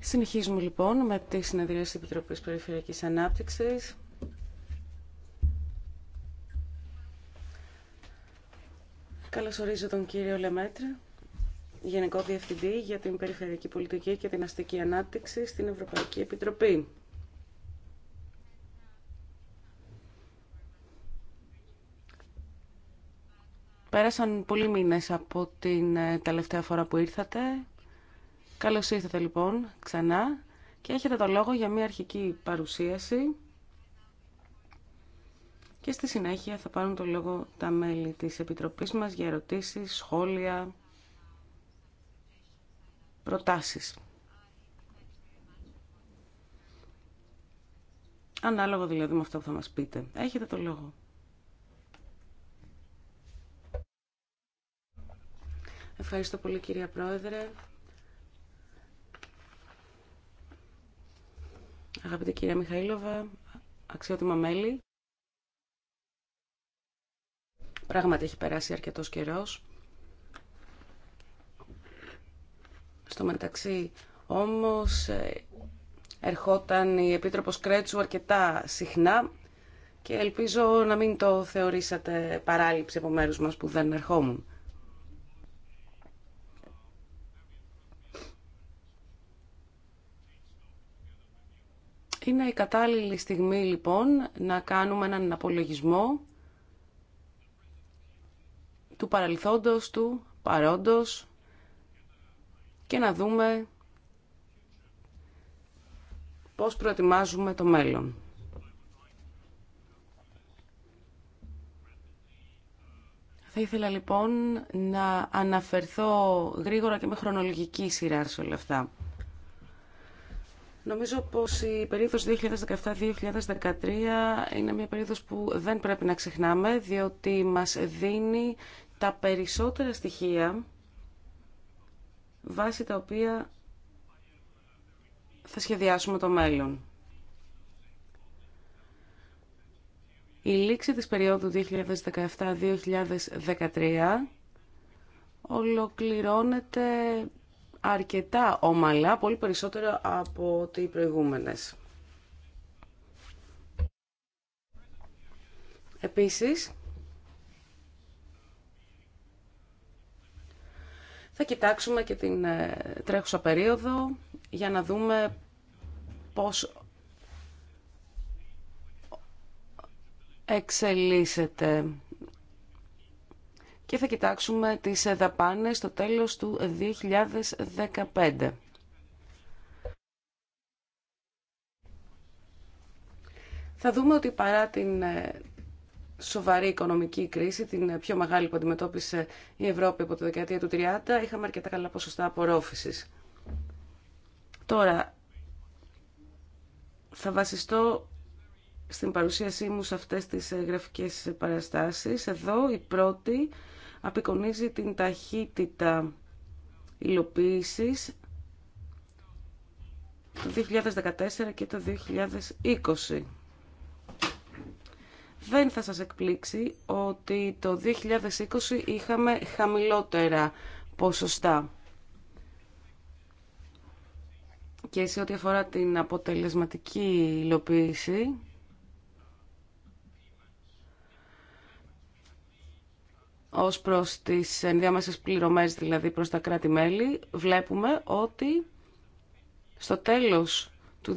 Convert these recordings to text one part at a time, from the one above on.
Συνεχίζουμε λοιπόν με τη συνεδρία της Επιτροπής Περιφερειακής Ανάπτυξης. Καλωσορίζω τον κύριο Λεμέτρη, Γενικό Διευθυντή για την Περιφερειακή Πολιτική και την Αστική Ανάπτυξη στην Ευρωπαϊκή Επιτροπή. Πέρασαν πολλοί μήνες από την ε, τελευταία φορά που ήρθατε. Καλώς ήρθατε λοιπόν ξανά και έχετε το λόγο για μια αρχική παρουσίαση και στη συνέχεια θα πάρουν το λόγο τα μέλη της Επιτροπής μας για ερωτήσεις, σχόλια, προτάσεις. Ανάλογο δηλαδή με αυτό που θα μας πείτε. Έχετε το λόγο. Ευχαριστώ πολύ κυρία Πρόεδρε. Αγαπητή κυρία Μιχαήλοβα, αξιότιμα μέλη. Πράγματι έχει περάσει αρκετός καιρός. Στο μεταξύ όμως ε, ερχόταν η Επίτροπος Κρέτσου αρκετά συχνά και ελπίζω να μην το θεωρήσατε παράληψη από μέρους μας που δεν ερχόμουν. Είναι η κατάλληλη στιγμή λοιπόν να κάνουμε έναν απολογισμό του παρελθόντος, του παρόντος και να δούμε πώς προετοιμάζουμε το μέλλον. Θα ήθελα λοιπόν να αναφερθώ γρήγορα και με χρονολογική σειρά σε όλα αυτά. Νομίζω πως η περίοδος 2017-2013 είναι μια περίοδος που δεν πρέπει να ξεχνάμε, διότι μας δίνει τα περισσότερα στοιχεία βάσει τα οποία θα σχεδιάσουμε το μέλλον. Η λήξη της περίοδου 2017-2013 ολοκληρώνεται αρκετά ομαλά, πολύ περισσότερο από ό,τι προηγούμενες. Επίσης, θα κοιτάξουμε και την ε, τρέχουσα περίοδο για να δούμε πώς εξελίσσεται και θα κοιτάξουμε τις δαπάνες στο τέλος του 2015. Θα δούμε ότι παρά την ε, σοβαρή οικονομική κρίση, την ε, πιο μεγάλη που αντιμετώπισε η Ευρώπη από το δεκαετία του 30, είχαμε αρκετά καλά ποσοστά απορρόφησης. Τώρα, θα βασιστώ στην παρουσίασή μου σε αυτές τις ε, γραφικές παραστάσεις. Εδώ η πρώτη απεικονίζει την ταχύτητα υλοποίησης το 2014 και το 2020. Δεν θα σας εκπλήξει ότι το 2020 είχαμε χαμηλότερα ποσοστά. Και σε ό,τι αφορά την αποτελεσματική υλοποίηση, Ω προ τι ενδιάμεσε πληρωμές, δηλαδή προς τα κράτη-μέλη, βλέπουμε ότι στο τέλος του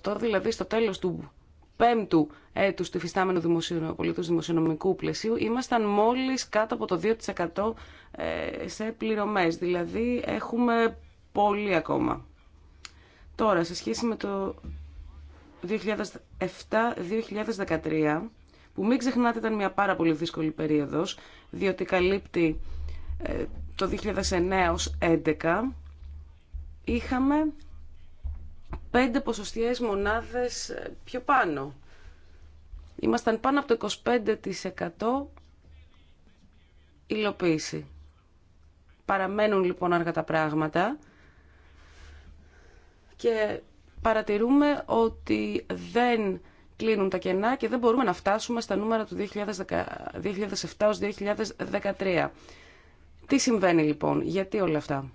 2018, δηλαδή στο τέλος του πέμπτου έτους του υφιστάμενου πολιτού δημοσιονομικού πλαισίου, ήμασταν μόλις κάτω από το 2% ε, σε πληρωμές, δηλαδή έχουμε πολύ ακόμα. Τώρα, σε σχέση με το 2007-2013, που μην ξεχνάτε ήταν μια πάρα πολύ δύσκολη περίοδος, διότι καλύπτει ε, το 2009 ως 2011, είχαμε πέντε ποσοστιαίες μονάδες ε, πιο πάνω. Ήμασταν πάνω από το 25% υλοποίηση. Παραμένουν λοιπόν αργά τα πράγματα και παρατηρούμε ότι δεν κλείνουν τα κενά και δεν μπορούμε να φτάσουμε στα νούμερα του 2007-2013. Τι συμβαίνει λοιπόν, γιατί όλα αυτά.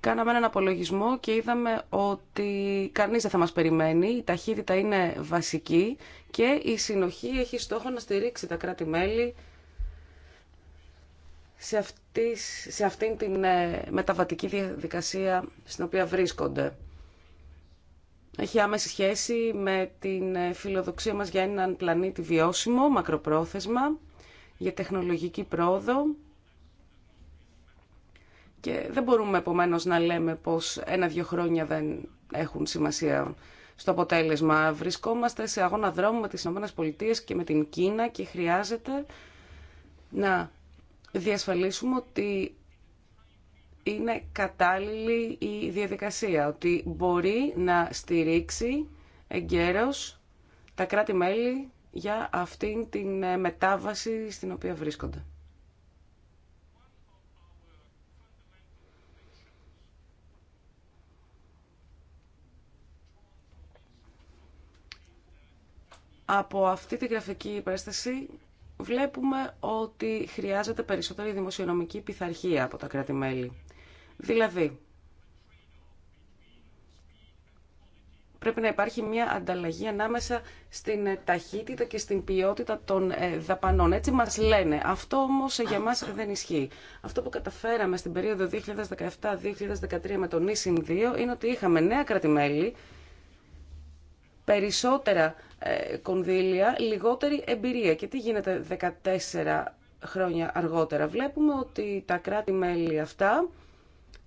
Κάναμε έναν απολογισμό και είδαμε ότι κανείς δεν θα μας περιμένει, η ταχύτητα είναι βασική και η συνοχή έχει στόχο να στηρίξει τα κράτη-μέλη σε, σε αυτήν την ε, μεταβατική διαδικασία στην οποία βρίσκονται έχει άμεση σχέση με την ε, φιλοδοξία μας για έναν πλανήτη βιώσιμο, μακροπρόθεσμα, για τεχνολογική πρόοδο. Και δεν μπορούμε επομένω να λέμε πως ένα-δυο χρόνια δεν έχουν σημασία στο αποτέλεσμα. Βρισκόμαστε σε αγώνα δρόμου με τις ΗΠΑ και με την Κίνα και χρειάζεται να διασφαλίσουμε ότι είναι κατάλληλη η διαδικασία, ότι μπορεί να στηρίξει εγκαίρως τα κράτη-μέλη για αυτήν την ε, μετάβαση στην οποία βρίσκονται. Από αυτή τη γραφική υπέσταση βλέπουμε ότι χρειάζεται περισσότερη δημοσιονομική πειθαρχία από τα κράτη-μέλη. Δηλαδή, πρέπει να υπάρχει μια ανταλλαγή ανάμεσα στην ταχύτητα και στην ποιότητα των ε, δαπανών. Έτσι μας λένε. Αυτό όμως για μας δεν ισχύει. Αυτό που καταφέραμε στην περίοδο 2017-2013 με τον ΙΣΙΝ 2 είναι ότι είχαμε νέα κρατημέλη, περισσότερα ε, κονδύλια, λιγότερη εμπειρία. Και τι γίνεται 14 χρόνια αργότερα. Βλέπουμε ότι τα κράτη-μέλη αυτά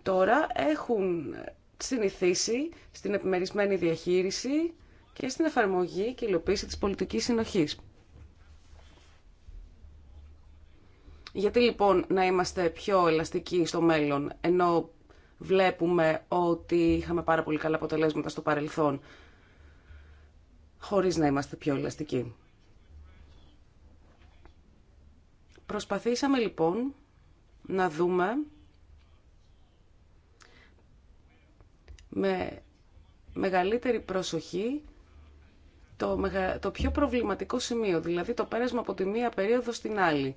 τώρα έχουν συνηθίσει στην επιμερισμένη διαχείριση και στην εφαρμογή και υλοποίηση της πολιτικής συνοχής. Γιατί λοιπόν να είμαστε πιο ελαστικοί στο μέλλον, ενώ βλέπουμε ότι είχαμε πάρα πολύ καλά αποτελέσματα στο παρελθόν, χωρίς να είμαστε πιο ελαστικοί. Προσπαθήσαμε λοιπόν να δούμε με μεγαλύτερη προσοχή το, μεγα... το πιο προβληματικό σημείο, δηλαδή το πέρασμα από τη μία περίοδο στην άλλη.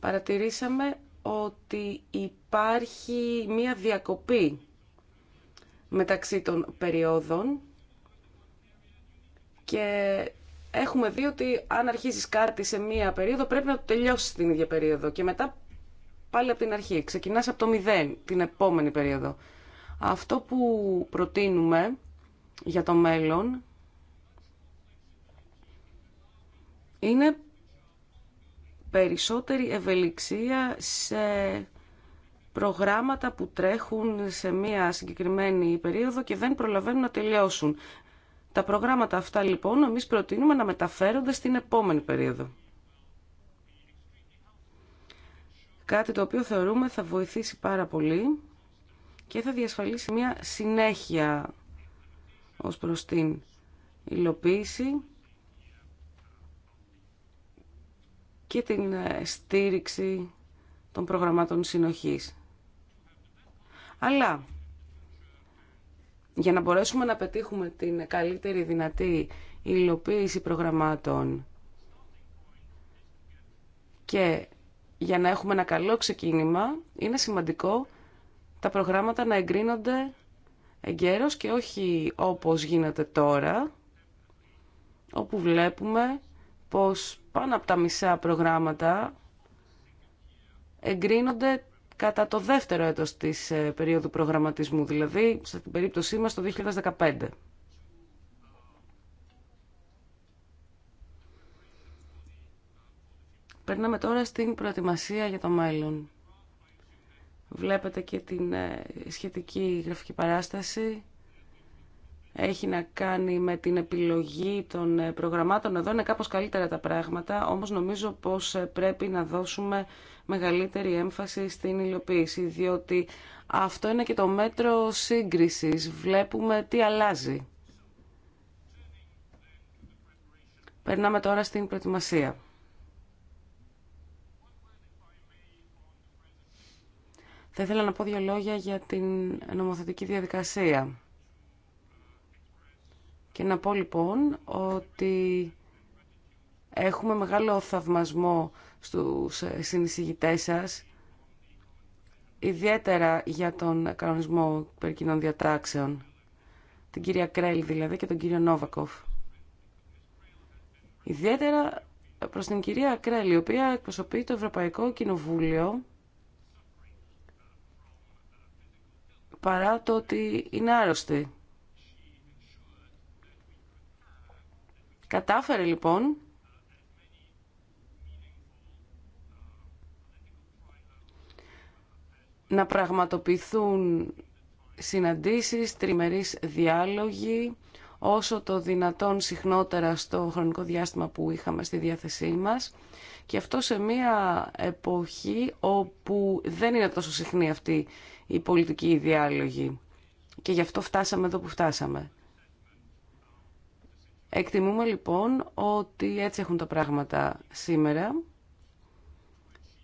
Παρατηρήσαμε ότι υπάρχει μία διακοπή μεταξύ των περιόδων και έχουμε δει ότι αν αρχίζεις κάτι σε μία περίοδο πρέπει να το τελειώσεις την ίδια περίοδο και μετά πάλι από την αρχή. Ξεκινάς από το μηδέν την επόμενη περίοδο. Αυτό που προτείνουμε για το μέλλον είναι περισσότερη ευελιξία σε προγράμματα που τρέχουν σε μία συγκεκριμένη περίοδο και δεν προλαβαίνουν να τελειώσουν. Τα προγράμματα αυτά λοιπόν εμείς προτείνουμε να μεταφέρονται στην επόμενη περίοδο. Κάτι το οποίο θεωρούμε θα βοηθήσει πάρα πολύ και θα διασφαλίσει μια συνέχεια ως προς την υλοποίηση και την ε, στήριξη των προγραμμάτων συνοχής. Αλλά για να μπορέσουμε να πετύχουμε την καλύτερη δυνατή υλοποίηση προγραμμάτων και για να έχουμε ένα καλό ξεκίνημα, είναι σημαντικό τα προγράμματα να εγκρίνονται εγκαίρως και όχι όπως γίνεται τώρα, όπου βλέπουμε πως πάνω από τα μισά προγράμματα εγκρίνονται κατά το δεύτερο έτος της ε, περίοδου προγραμματισμού, δηλαδή στην περίπτωσή μας το 2015. Περνάμε τώρα στην προετοιμασία για το μέλλον. Βλέπετε και την ε, σχετική γραφική παράσταση. Έχει να κάνει με την επιλογή των ε, προγραμμάτων. Εδώ είναι κάπως καλύτερα τα πράγματα, όμως νομίζω πως ε, πρέπει να δώσουμε μεγαλύτερη έμφαση στην υλοποίηση, διότι αυτό είναι και το μέτρο σύγκρισης. Βλέπουμε τι αλλάζει. Περνάμε τώρα στην προετοιμασία. Θα ήθελα να πω δύο λόγια για την νομοθετική διαδικασία. Και να πω λοιπόν ότι έχουμε μεγάλο θαυμασμό στους συνεισηγητές σας, ιδιαίτερα για τον κανονισμό περί κοινών διατάξεων, την κυρία Κρέλ δηλαδή και τον κύριο Νόβακοφ. Ιδιαίτερα προς την κυρία Κρέλ, η οποία εκπροσωπεί το Ευρωπαϊκό Κοινοβούλιο παρά το ότι είναι άρρωστη. Κατάφερε λοιπόν να πραγματοποιηθούν συναντήσεις, τριμερείς διάλογοι, όσο το δυνατόν συχνότερα στο χρονικό διάστημα που είχαμε στη διάθεσή μας και αυτό σε μια εποχή όπου δεν είναι τόσο συχνή αυτή πολιτική πολιτικοί διάλογοι. Και γι' αυτό φτάσαμε εδώ που φτάσαμε. Εκτιμούμε λοιπόν ότι έτσι έχουν τα πράγματα σήμερα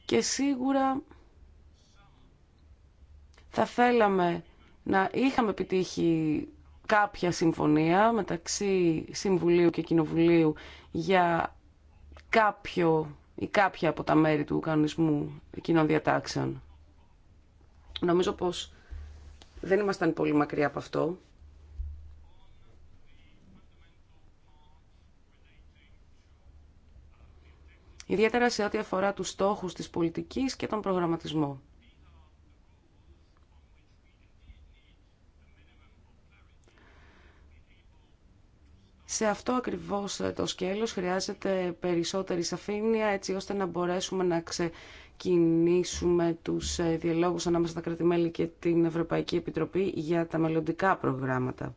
και σίγουρα θα θέλαμε να είχαμε επιτύχει κάποια συμφωνία μεταξύ Συμβουλίου και Κοινοβουλίου για κάποιο ή κάποια από τα μέρη του κανονισμού κοινών διατάξεων. Νομίζω πως δεν ήμασταν πολύ μακριά από αυτό. Ιδιαίτερα σε ό,τι αφορά τους στόχους της πολιτικής και τον προγραμματισμό. Σε αυτό ακριβώς το σκέλος χρειάζεται περισσότερη σαφήνεια έτσι ώστε να μπορέσουμε να κινήσουμε τους ε, διαλόγους ανάμεσα στα κρατημέλη και την Ευρωπαϊκή Επιτροπή για τα μελλοντικά προγράμματα.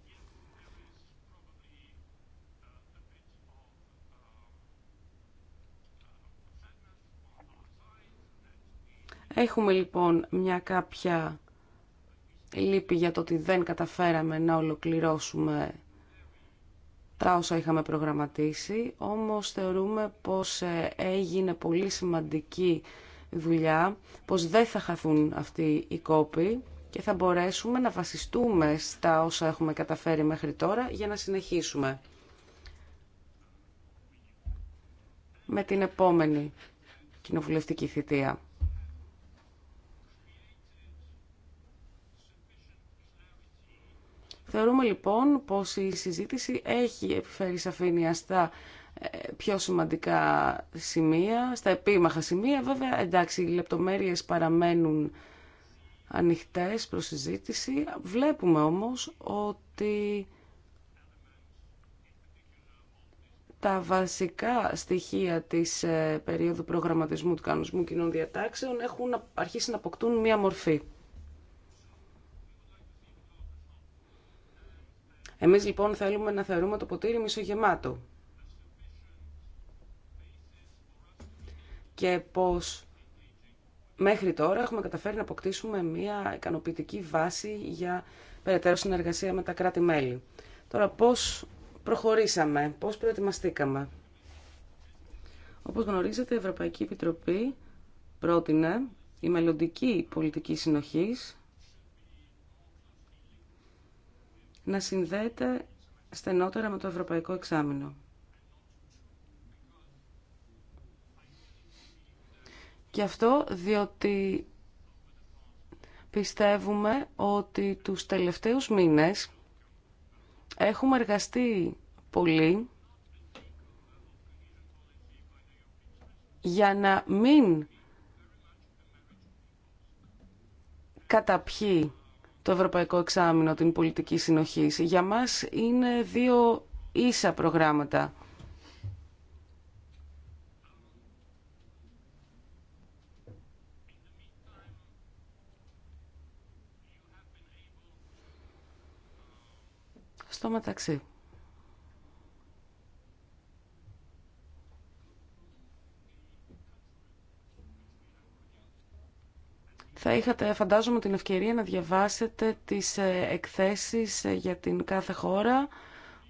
Έχουμε λοιπόν μια κάποια λύπη για το ότι δεν καταφέραμε να ολοκληρώσουμε τα όσα είχαμε προγραμματίσει, όμως θεωρούμε πως ε, έγινε πολύ σημαντική δουλειά, πως δεν θα χαθούν αυτοί οι κόποι και θα μπορέσουμε να βασιστούμε στα όσα έχουμε καταφέρει μέχρι τώρα για να συνεχίσουμε. με την επόμενη κοινοβουλευτική θητεία. Θεωρούμε λοιπόν πως η συζήτηση έχει επιφέρει σαφήνεια στα πιο σημαντικά σημεία, στα επίμαχα σημεία. Βέβαια, εντάξει, οι λεπτομέρειες παραμένουν ανοιχτές προς συζήτηση. Βλέπουμε όμως ότι τα βασικά στοιχεία της ε, περίοδου προγραμματισμού του κανονισμού κοινών διατάξεων έχουν αρχίσει να αποκτούν μία μορφή. Εμείς λοιπόν θέλουμε να θεωρούμε το ποτήρι μισογεμάτο. και πως μέχρι τώρα έχουμε καταφέρει να αποκτήσουμε μια ικανοποιητική βάση για περαιτέρω συνεργασία με τα κράτη-μέλη. Τώρα πώς προχωρήσαμε, πώς προετοιμαστήκαμε. Όπως γνωρίζετε, η Ευρωπαϊκή Επιτροπή πρότεινε η μελλοντική πολιτική συνοχής να συνδέεται στενότερα με το Ευρωπαϊκό Εξάμεινο. Και αυτό διότι πιστεύουμε ότι τους τελευταίους μήνες έχουμε εργαστεί πολύ για να μην καταπιεί το Ευρωπαϊκό Εξάμεινο την πολιτική συνοχή. Για μας είναι δύο ίσα προγράμματα. στο μεταξύ. Θα είχατε, φαντάζομαι, την ευκαιρία να διαβάσετε τις ε, εκθέσεις ε, για την κάθε χώρα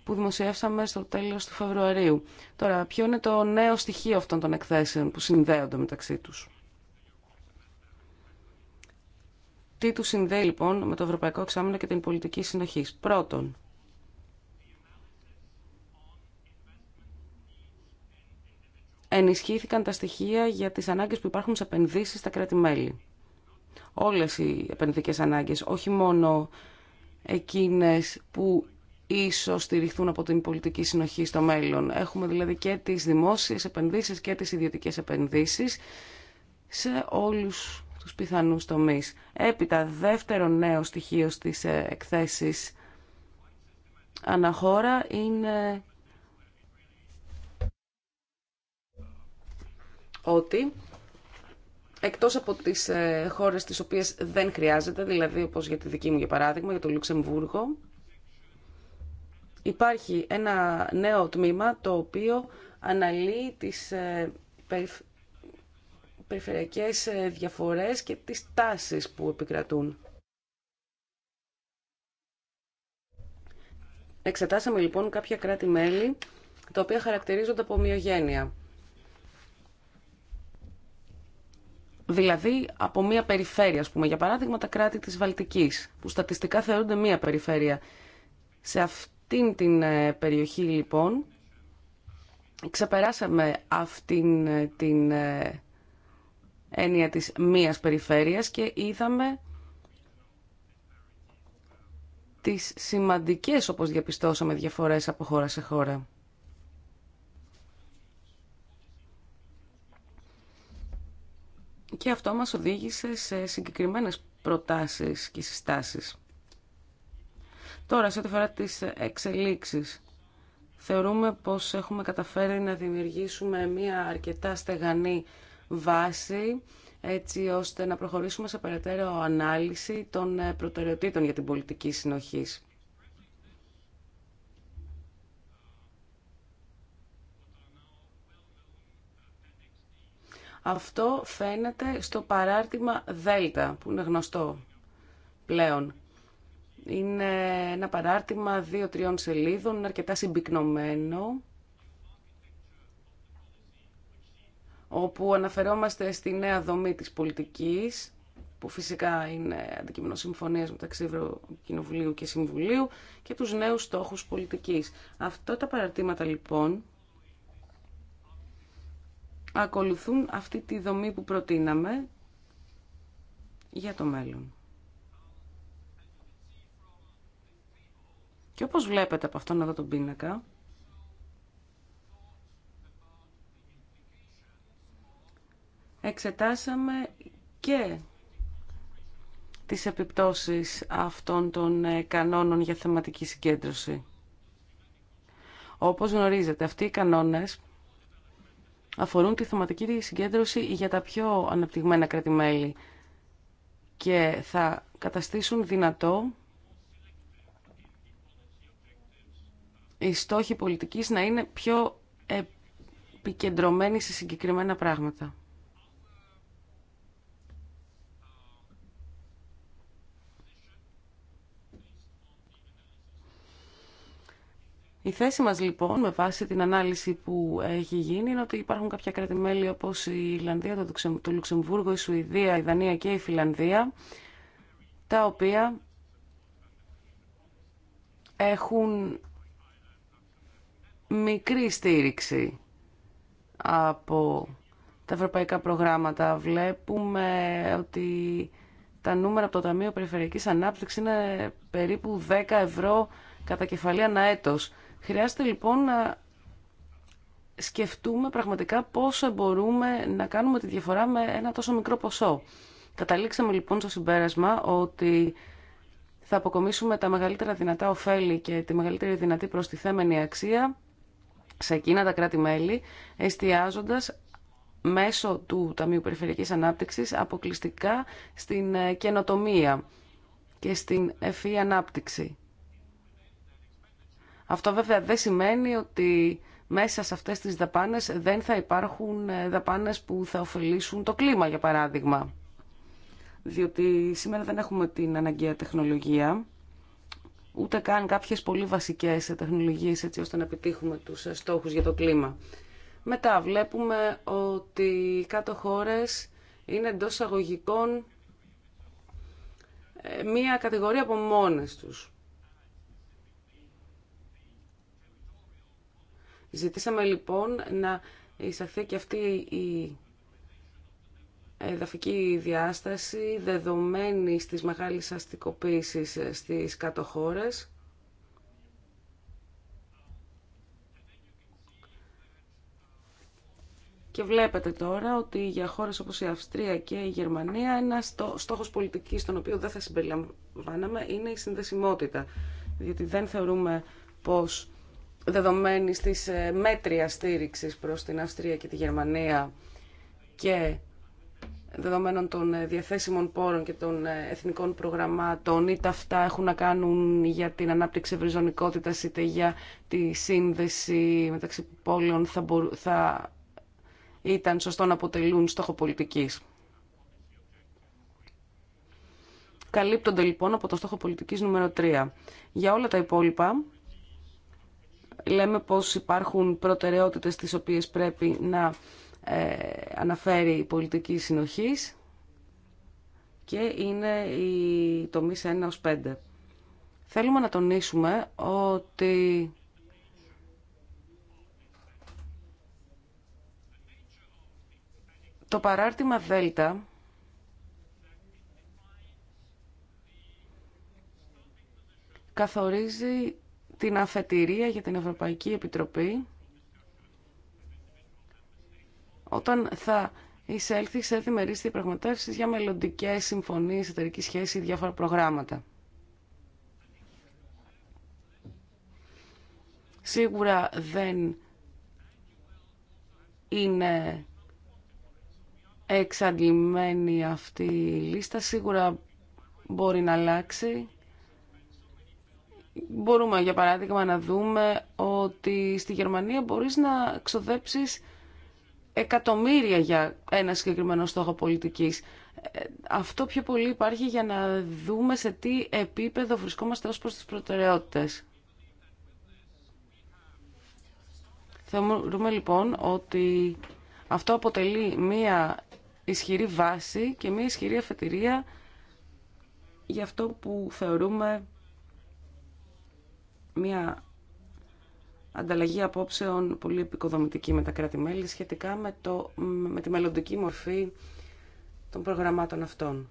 που δημοσιεύσαμε στο τέλος του Φεβρουαρίου. Τώρα, ποιο είναι το νέο στοιχείο αυτών των εκθέσεων που συνδέονται μεταξύ τους. Τι του συνδέει λοιπόν με το Ευρωπαϊκό Εξάμεινο και την πολιτική συνοχή. Πρώτον, ενισχύθηκαν τα στοιχεία για τις ανάγκες που υπάρχουν σε επενδύσεις στα κράτη-μέλη. Όλες οι επενδυτικές ανάγκες, όχι μόνο εκείνες που ίσως στηριχθούν από την πολιτική συνοχή στο μέλλον. Έχουμε δηλαδή και τις δημόσιες επενδύσεις και τις ιδιωτικές επενδύσεις σε όλους τους πιθανούς τομείς. Έπειτα, δεύτερο νέο στοιχείο στις ε, εκθέσεις αναχώρα είναι ότι εκτός από τις ε, χώρες τις οποίες δεν χρειάζεται, δηλαδή όπως για τη δική μου για παράδειγμα, για το Λουξεμβούργο, υπάρχει ένα νέο τμήμα το οποίο αναλύει τις ε, περιφερειακές ε, διαφορές και τις τάσεις που επικρατούν. Εξετάσαμε λοιπόν κάποια κράτη-μέλη τα οποία χαρακτηρίζονται από ομοιογένεια. Δηλαδή από μια περιφέρεια, πούμε, για παράδειγμα τα κράτη της Βαλτικής, που στατιστικά θεωρούνται μια περιφέρεια. Σε αυτήν την ε, περιοχή λοιπόν ξεπεράσαμε αυτήν ε, την ε, έννοια της μίας περιφέρειας και είδαμε τις σημαντικές, όπως διαπιστώσαμε, διαφορές από χώρα σε χώρα. και αυτό μας οδήγησε σε συγκεκριμένες προτάσεις και συστάσεις. Τώρα, σε ό,τι αφορά τις εξελίξεις, θεωρούμε πως έχουμε καταφέρει να δημιουργήσουμε μια αρκετά στεγανή βάση έτσι ώστε να προχωρήσουμε σε περαιτέρω ανάλυση των προτεραιοτήτων για την πολιτική συνοχής. Αυτό φαίνεται στο παράρτημα Δέλτα, που είναι γνωστό πλέον. Είναι ένα παράρτημα δύο-τριών σελίδων, είναι αρκετά συμπυκνωμένο, όπου αναφερόμαστε στη νέα δομή της πολιτικής, που φυσικά είναι αντικείμενο συμφωνία μεταξύ Ευρωκοινοβουλίου και Συμβουλίου, και τους νέους στόχους πολιτικής. Αυτά τα παραρτήματα λοιπόν ακολουθούν αυτή τη δομή που προτείναμε για το μέλλον. Και όπως βλέπετε από αυτόν εδώ τον πίνακα, εξετάσαμε και τις επιπτώσεις αυτών των ε, κανόνων για θεματική συγκέντρωση. Όπως γνωρίζετε, αυτοί οι κανόνες αφορούν τη θεματική συγκέντρωση για τα πιο αναπτυγμένα κρατημέλη και θα καταστήσουν δυνατό οι στόχοι πολιτικής να είναι πιο επικεντρωμένοι σε συγκεκριμένα πράγματα. Η θέση μας λοιπόν με βάση την ανάλυση που έχει γίνει είναι ότι υπάρχουν κάποια κράτη-μέλη όπως η Ιρλανδία, το Λουξεμβούργο, η Σουηδία, η Δανία και η Φιλανδία τα οποία έχουν μικρή στήριξη από τα ευρωπαϊκά προγράμματα. Βλέπουμε ότι τα νούμερα από το Ταμείο Περιφερειακής Ανάπτυξης είναι περίπου 10 ευρώ κατά κεφαλή ανά έτος. Χρειάζεται λοιπόν να σκεφτούμε πραγματικά πόσο μπορούμε να κάνουμε τη διαφορά με ένα τόσο μικρό ποσό. Καταλήξαμε λοιπόν στο συμπέρασμα ότι θα αποκομίσουμε τα μεγαλύτερα δυνατά ωφέλη και τη μεγαλύτερη δυνατή προστιθέμενη αξία σε εκείνα τα κράτη-μέλη, εστιάζοντας μέσω του Ταμείου Περιφερειακής Ανάπτυξης αποκλειστικά στην ε, καινοτομία και στην ευφύ ανάπτυξη. Αυτό βέβαια δεν σημαίνει ότι μέσα σε αυτές τις δαπάνες δεν θα υπάρχουν ε, δαπάνες που θα ωφελήσουν το κλίμα, για παράδειγμα. Διότι σήμερα δεν έχουμε την αναγκαία τεχνολογία, ούτε καν κάποιες πολύ βασικές τεχνολογίες έτσι ώστε να επιτύχουμε τους ε, στόχους για το κλίμα. Μετά βλέπουμε ότι κάτω χώρες είναι εντό αγωγικών ε, μία κατηγορία από μόνες τους. Ζητήσαμε λοιπόν να εισαχθεί και αυτή η εδαφική διάσταση δεδομένη στις μεγάλες αστικοποίησεις στις κάτω χώρες. Και βλέπετε τώρα ότι για χώρες όπως η Αυστρία και η Γερμανία ένα στόχος πολιτικής τον οποίο δεν θα συμπεριλαμβάναμε είναι η συνδεσιμότητα. Διότι δεν θεωρούμε πως δεδομένη της ε, μέτρια στήριξης προς την Αυστρία και τη Γερμανία και δεδομένων των ε, διαθέσιμων πόρων και των ε, εθνικών προγραμμάτων, είτε αυτά έχουν να κάνουν για την ανάπτυξη ευρυζωνικότητας, είτε για τη σύνδεση μεταξύ πόλεων, θα, θα ήταν σωστό να αποτελούν στόχο πολιτικής. Καλύπτονται λοιπόν από το στόχο πολιτικής νούμερο 3. Για όλα τα υπόλοιπα, λέμε πως υπάρχουν προτεραιότητες τις οποίες πρέπει να ε, αναφέρει η πολιτική συνοχής και είναι οι τομείς 1 ως 5. Θέλουμε να τονίσουμε ότι το παράρτημα Δέλτα καθορίζει την αφετηρία για την Ευρωπαϊκή Επιτροπή όταν θα εισέλθει σε διμερείς διαπραγματεύσεις για μελλοντικές συμφωνίες, εταιρική σχέση ή διάφορα προγράμματα. Σίγουρα δεν είναι εξαντλημένη αυτή η λίστα. Σίγουρα μπορεί να αλλάξει. Μπορούμε για παράδειγμα να δούμε ότι στη Γερμανία μπορείς να ξοδέψεις εκατομμύρια για ένα συγκεκριμένο στόχο πολιτικής. Ε, αυτό πιο πολύ υπάρχει για να δούμε σε τι επίπεδο βρισκόμαστε ως προς τις προτεραιότητες. Θεωρούμε λοιπόν ότι αυτό αποτελεί μία ισχυρή βάση και μία ισχυρή αφετηρία για αυτό που θεωρούμε μια ανταλλαγή απόψεων πολύ επικοδομητική με τα κράτη-μέλη σχετικά με, το, με τη μελλοντική μορφή των προγραμμάτων αυτών.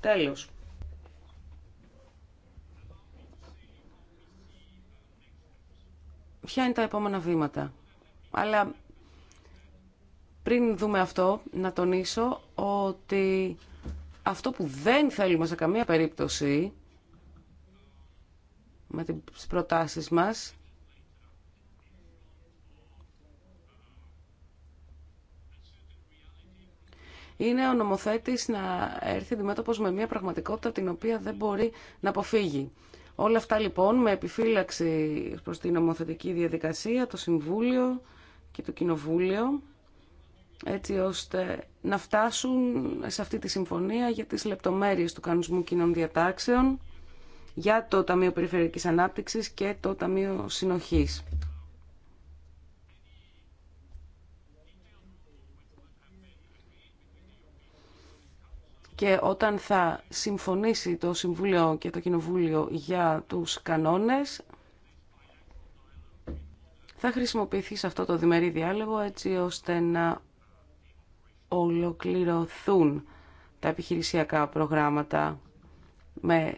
Τέλος. Ποια είναι τα επόμενα βήματα. Αλλά πριν δούμε αυτό, να τονίσω ότι αυτό που δεν θέλουμε σε καμία περίπτωση με τις προτάσεις μας. είναι ο νομοθέτης να έρθει αντιμέτωπος με μια πραγματικότητα την οποία δεν μπορεί να αποφύγει. Όλα αυτά λοιπόν με επιφύλαξη προς την νομοθετική διαδικασία, το Συμβούλιο και το Κοινοβούλιο, έτσι ώστε να φτάσουν σε αυτή τη συμφωνία για τις λεπτομέρειες του κανονισμού κοινών διατάξεων, για το Ταμείο Περιφερειακής Ανάπτυξης και το Ταμείο Συνοχής. Και όταν θα συμφωνήσει το Συμβούλιο και το Κοινοβούλιο για τους κανόνες, θα χρησιμοποιηθεί σε αυτό το διμερή διάλογο έτσι ώστε να ολοκληρωθούν τα επιχειρησιακά προγράμματα με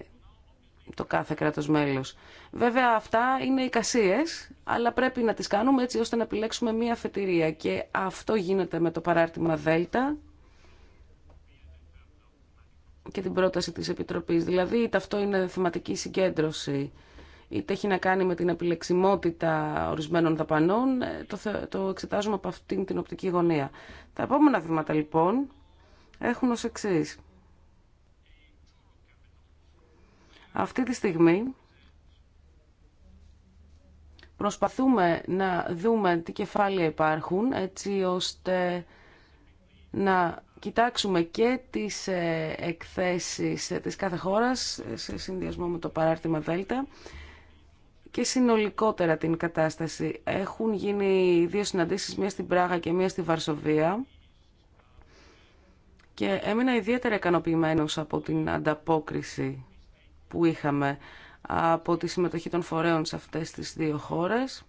το κάθε κράτος μέλος. Βέβαια αυτά είναι εικασίες, αλλά πρέπει να τις κάνουμε έτσι ώστε να επιλέξουμε μία αφετηρία και αυτό γίνεται με το παράρτημα Δέλτα και την πρόταση της Επιτροπής. Δηλαδή είτε αυτό είναι θεματική συγκέντρωση, είτε έχει να κάνει με την επιλεξιμότητα ορισμένων δαπανών, ε, το, το εξετάζουμε από αυτήν την οπτική γωνία. Τα επόμενα βήματα λοιπόν έχουν ως εξής. Αυτή τη στιγμή προσπαθούμε να δούμε τι κεφάλαια υπάρχουν έτσι ώστε να κοιτάξουμε και τις ε, εκθέσεις ε, της κάθε χώρας ε, σε συνδυασμό με το παράρτημα Δέλτα και συνολικότερα την κατάσταση. Έχουν γίνει δύο συναντήσεις, μία στην Πράγα και μία στη Βαρσοβία και έμεινα ιδιαίτερα ικανοποιημένος από την ανταπόκριση που είχαμε από τη συμμετοχή των φορέων σε αυτές τις δύο χώρες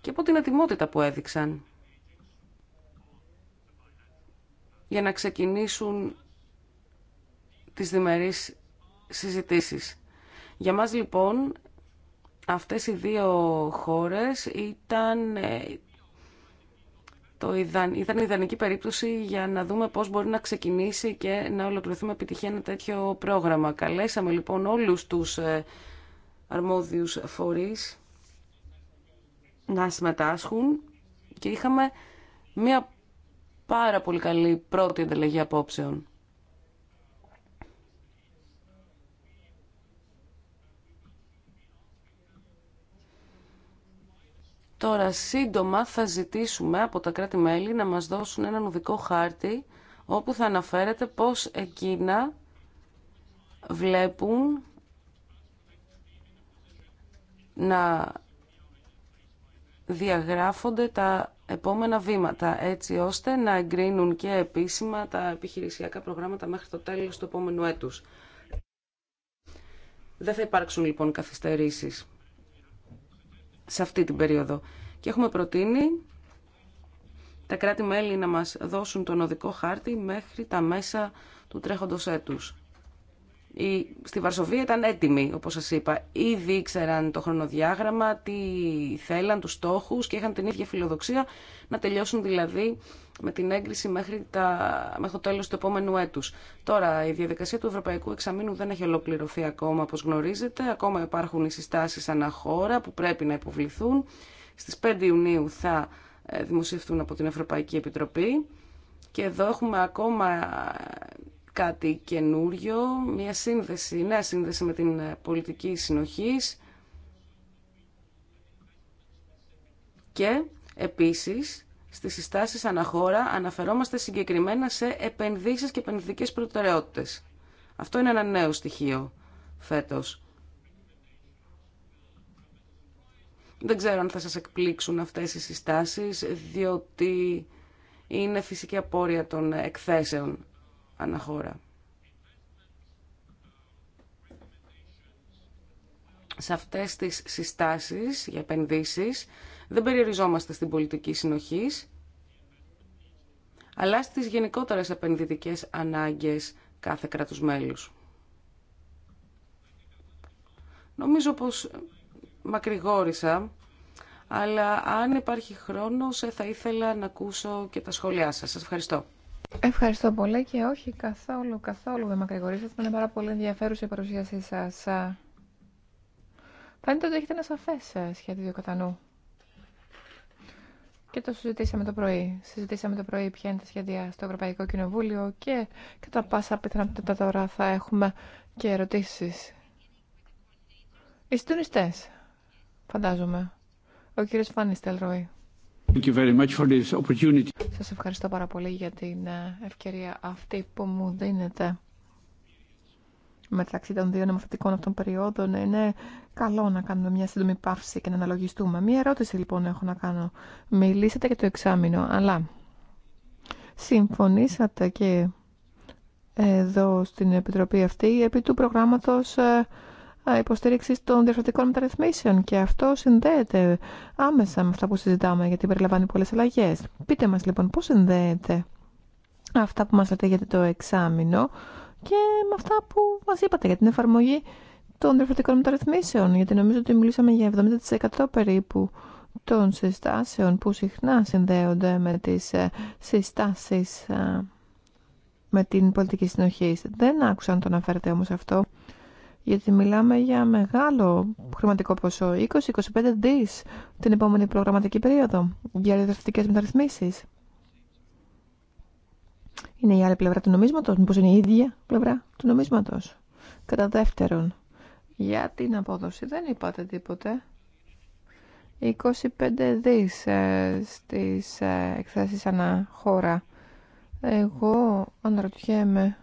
και από την ετοιμότητα που έδειξαν για να ξεκινήσουν τις διμερείς συζητήσεις. Για μας λοιπόν αυτές οι δύο χώρες ήταν ε, το η ήταν ιδανική περίπτωση για να δούμε πώς μπορεί να ξεκινήσει και να ολοκληρωθεί με επιτυχία ένα τέτοιο πρόγραμμα. Καλέσαμε λοιπόν όλους τους ε, αρμόδιους φορείς να συμμετάσχουν και είχαμε μία πάρα πολύ καλή πρώτη ανταλλαγή απόψεων. Τώρα σύντομα θα ζητήσουμε από τα κράτη-μέλη να μας δώσουν έναν οδικό χάρτη όπου θα αναφέρεται πώς εκείνα βλέπουν να διαγράφονται τα επόμενα βήματα έτσι ώστε να εγκρίνουν και επίσημα τα επιχειρησιακά προγράμματα μέχρι το τέλος του επόμενου έτους. Δεν θα υπάρξουν λοιπόν καθυστερήσεις σε αυτή την περίοδο. Και έχουμε προτείνει τα κράτη-μέλη να μας δώσουν τον οδικό χάρτη μέχρι τα μέσα του τρέχοντος έτους στη Βαρσοβία ήταν έτοιμοι, όπως σας είπα. Ήδη ήξεραν το χρονοδιάγραμμα, τι θέλαν, τους στόχους και είχαν την ίδια φιλοδοξία να τελειώσουν δηλαδή με την έγκριση μέχρι, τα, μέχρι το τέλος του επόμενου έτους. Τώρα, η διαδικασία του Ευρωπαϊκού Εξαμήνου δεν έχει ολοκληρωθεί ακόμα, όπως γνωρίζετε. Ακόμα υπάρχουν οι συστάσεις αναχώρα που πρέπει να υποβληθούν. Στις 5 Ιουνίου θα ε, δημοσιευτούν από την Ευρωπαϊκή Επιτροπή. Και εδώ έχουμε ακόμα κάτι καινούριο, μια σύνδεση, νέα σύνδεση με την πολιτική συνοχής και επίσης στις συστάσεις αναχώρα αναφερόμαστε συγκεκριμένα σε επενδύσεις και επενδυτικές προτεραιότητες. Αυτό είναι ένα νέο στοιχείο φέτος. Δεν ξέρω αν θα σας εκπλήξουν αυτές οι συστάσεις, διότι είναι φυσική απόρρια των εκθέσεων αναχώρα. Σε αυτές τις συστάσεις για επενδύσεις δεν περιοριζόμαστε στην πολιτική συνοχής, αλλά στις γενικότερες επενδυτικές ανάγκες κάθε κράτους μέλους. Νομίζω πως μακρηγόρησα, αλλά αν υπάρχει χρόνος ε, θα ήθελα να ακούσω και τα σχόλιά σας. Σας ευχαριστώ. Ευχαριστώ πολύ και όχι καθόλου, καθόλου δεν μακρηγορήσατε. Ήταν πάρα πολύ ενδιαφέρουσα η παρουσίασή σας. Φαίνεται ότι έχετε ένα σαφέ ε, σχέδιο κατά νου. Και το συζητήσαμε το πρωί. Συζητήσαμε το πρωί ποια είναι τα σχέδια στο Ευρωπαϊκό Κοινοβούλιο και κατά πάσα πιθανότητα τώρα θα έχουμε και ερωτήσεις. Οι συντονιστέ, φαντάζομαι. Ο κύριο Φάνι Τελρόι. Thank Σας ευχαριστώ πάρα πολύ για την ε, ευκαιρία αυτή που μου δίνετε. Μεταξύ των δύο νομοθετικών αυτών περιόδων ε, είναι καλό να κάνουμε μια σύντομη παύση και να αναλογιστούμε. Μία ερώτηση λοιπόν έχω να κάνω. Μιλήσατε για το εξάμεινο, αλλά συμφωνήσατε και εδώ στην Επιτροπή αυτή επί του προγράμματος ε, υποστήριξη των διαφορετικών μεταρρυθμίσεων και αυτό συνδέεται άμεσα με αυτά που συζητάμε γιατί περιλαμβάνει πολλές αλλαγέ. Πείτε μας λοιπόν πώς συνδέεται αυτά που μας λέτε για το εξάμεινο και με αυτά που μας είπατε για την εφαρμογή των διαφορετικών μεταρρυθμίσεων γιατί νομίζω ότι μιλήσαμε για 70% περίπου των συστάσεων που συχνά συνδέονται με τις ε, συστάσεις ε, με την πολιτική συνοχή. Δεν άκουσα να το αναφέρετε όμως αυτό γιατί μιλάμε για μεγάλο χρηματικό ποσό, 20-25 δις την επόμενη προγραμματική περίοδο για διαδραστικές μεταρρυθμίσεις. Είναι η άλλη πλευρά του νομίσματος, μήπως είναι η ίδια πλευρά του νομίσματος. Κατά δεύτερον, για την απόδοση δεν είπατε τίποτε. 25 δις ε, στις ε, εκθέσεις χώρα. Εγώ αναρωτιέμαι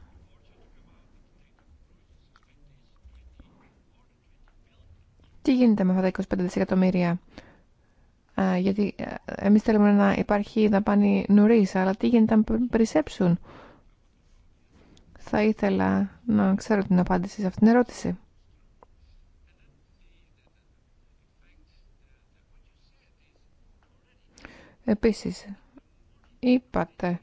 Τι γίνεται με αυτά τα 25 δισεκατομμύρια. γιατί ε, εμείς θέλουμε να υπάρχει να πάνε αλλά τι γίνεται αν περισσέψουν. Θα ήθελα να ξέρω την απάντηση σε αυτήν την ερώτηση. Επίσης, είπατε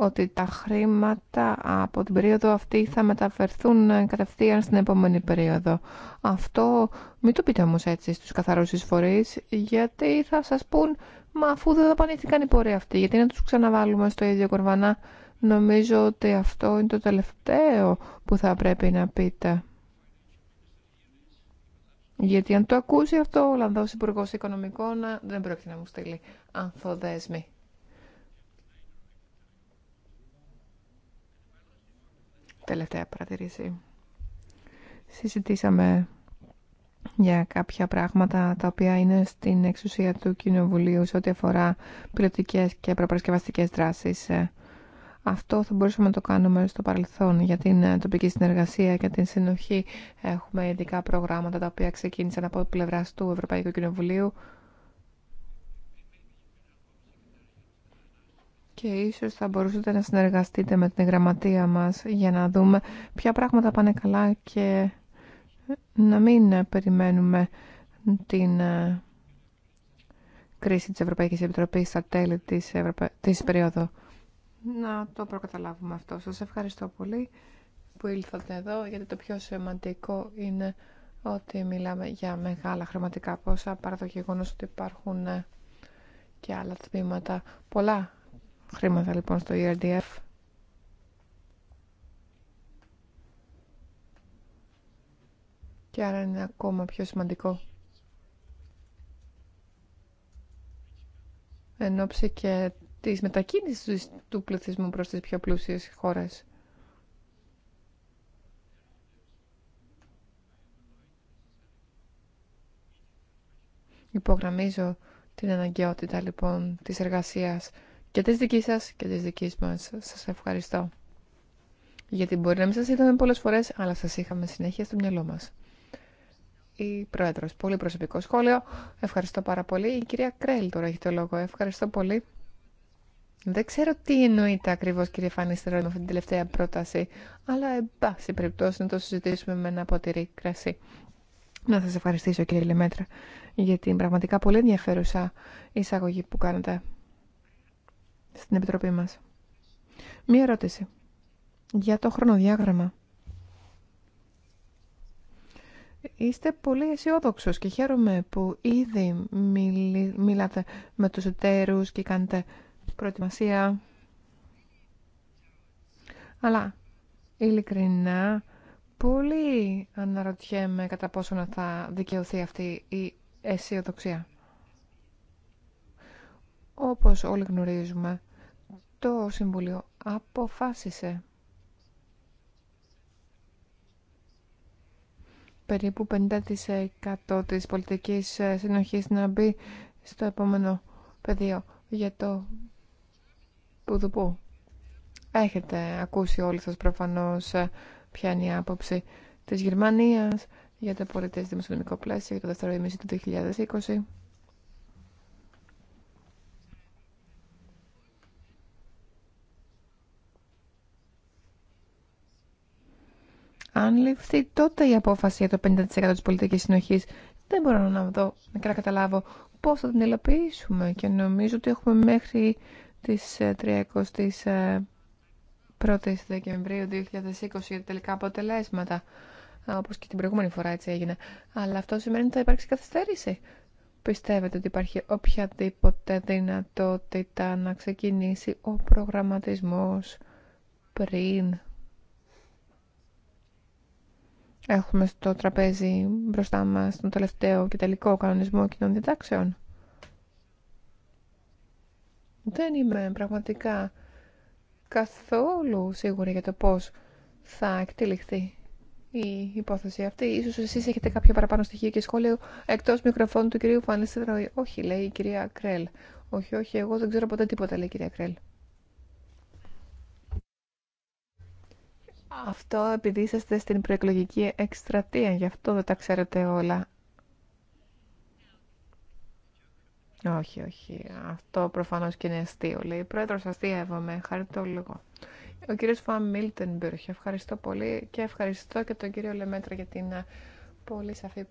ότι τα χρήματα από την περίοδο αυτή θα μεταφερθούν ε, κατευθείαν στην επόμενη περίοδο. Αυτό μην το πείτε όμως έτσι στους καθαρούς εισφορείς, γιατί θα σας πούν «Μα αφού δεν δαπανήθηκαν οι πορεία αυτοί, γιατί να τους ξαναβάλουμε στο ίδιο κορβανά». Νομίζω ότι αυτό είναι το τελευταίο που θα πρέπει να πείτε. Γιατί αν το ακούσει αυτό ο Ολλανδός Υπουργός Οικονομικών ε, δεν πρόκειται να μου στείλει ανθοδέσμη. τελευταία παρατηρήση. Συζητήσαμε για κάποια πράγματα τα οποία είναι στην εξουσία του Κοινοβουλίου σε ό,τι αφορά πιλωτικές και προπαρασκευαστικές δράσεις. Ε, αυτό θα μπορούσαμε να το κάνουμε στο παρελθόν για την ε, τοπική συνεργασία και την συνοχή. Έχουμε ειδικά προγράμματα τα οποία ξεκίνησαν από πλευρά του Ευρωπαϊκού Κοινοβουλίου και ίσως θα μπορούσατε να συνεργαστείτε με την γραμματεία μας για να δούμε ποια πράγματα πάνε καλά και να μην περιμένουμε την ε, κρίση της Ευρωπαϊκής Επιτροπής στα τέλη της, Ευρωπα... περίοδου. Να το προκαταλάβουμε αυτό. Σας ευχαριστώ πολύ που ήλθατε εδώ, γιατί το πιο σημαντικό είναι ότι μιλάμε για μεγάλα χρηματικά πόσα, παρά το γεγονό ότι υπάρχουν ε, και άλλα τμήματα πολλά χρήματα λοιπόν στο ERDF. Και άρα είναι ακόμα πιο σημαντικό. Εν και της μετακίνησης του πληθυσμού προς τις πιο πλούσιες χώρες. Υπογραμμίζω την αναγκαιότητα λοιπόν της εργασίας και τη δική σα και τη δική μα Σα ευχαριστώ. Γιατί μπορεί να μην σα είδαμε πολλέ φορέ, αλλά σα είχαμε συνέχεια στο μυαλό μα. Η πρόεδρο πολύ προσωπικό σχόλιο. Ευχαριστώ πάρα πολύ. Η κυρία Κρέλ τώρα έχει το λόγο. Ευχαριστώ πολύ. Δεν ξέρω τι εννοείται ακριβώ, κύριε Φανίστερο, με αυτή την τελευταία πρόταση, αλλά εν πάση περιπτώσει να το συζητήσουμε με ένα ποτήρι κρασί. Να σα ευχαριστήσω, κύριε Λεμέτρα, για την πραγματικά πολύ ενδιαφέρουσα εισαγωγή που κάνετε στην Επιτροπή μας. Μία ερώτηση για το χρονοδιάγραμμα. Είστε πολύ αισιόδοξο και χαίρομαι που ήδη μιλάτε με τους εταίρους και κάνετε προετοιμασία. Αλλά, ειλικρινά, πολύ αναρωτιέμαι κατά πόσο θα δικαιωθεί αυτή η αισιοδοξία. Όπως όλοι γνωρίζουμε, το Συμβούλιο αποφάσισε περίπου 50% της πολιτικής συνοχής να μπει στο επόμενο πεδίο για το Πουδουπού. Έχετε ακούσει όλοι σας προφανώς ποια είναι η άποψη της Γερμανίας για τα πολιτές δημοσιονομικό πλαίσιο για το δεύτερο ημίση του 2020. Αν ληφθεί τότε η απόφαση για το 50% της πολιτικής συνοχής, δεν μπορώ να δω, να καταλάβω πώς θα την υλοποιήσουμε και νομίζω ότι έχουμε μέχρι τις 31 ε, ε, Δεκεμβρίου 2020 για τελικά αποτελέσματα. όπως και την προηγούμενη φορά έτσι έγινε. Αλλά αυτό σημαίνει ότι θα υπάρξει καθυστέρηση. Πιστεύετε ότι υπάρχει οποιαδήποτε δυνατότητα να ξεκινήσει ο προγραμματισμός πριν έχουμε στο τραπέζι μπροστά μας τον τελευταίο και τελικό κανονισμό κοινών διδάξεων. Δεν είμαι πραγματικά καθόλου σίγουρη για το πώς θα εκτελεχθεί η υπόθεση αυτή. Ίσως εσείς έχετε κάποιο παραπάνω στοιχείο και σχόλιο εκτός μικροφώνου του κυρίου Φανίστερο. Όχι, λέει η κυρία Κρέλ. Όχι, όχι, εγώ δεν ξέρω ποτέ τίποτα, λέει η κυρία Κρέλ. Αυτό επειδή είσαστε στην προεκλογική εκστρατεία, γι' αυτό δεν τα ξέρετε όλα. Όχι, όχι. Αυτό προφανώς και είναι αστείο. Λέει, πρόεδρος αστείευομαι. λίγο. Ο κύριος Φαμ Μίλτενμπουργκ. Ευχαριστώ πολύ και ευχαριστώ και τον κύριο Λεμέτρα για την ε, πολύ σαφή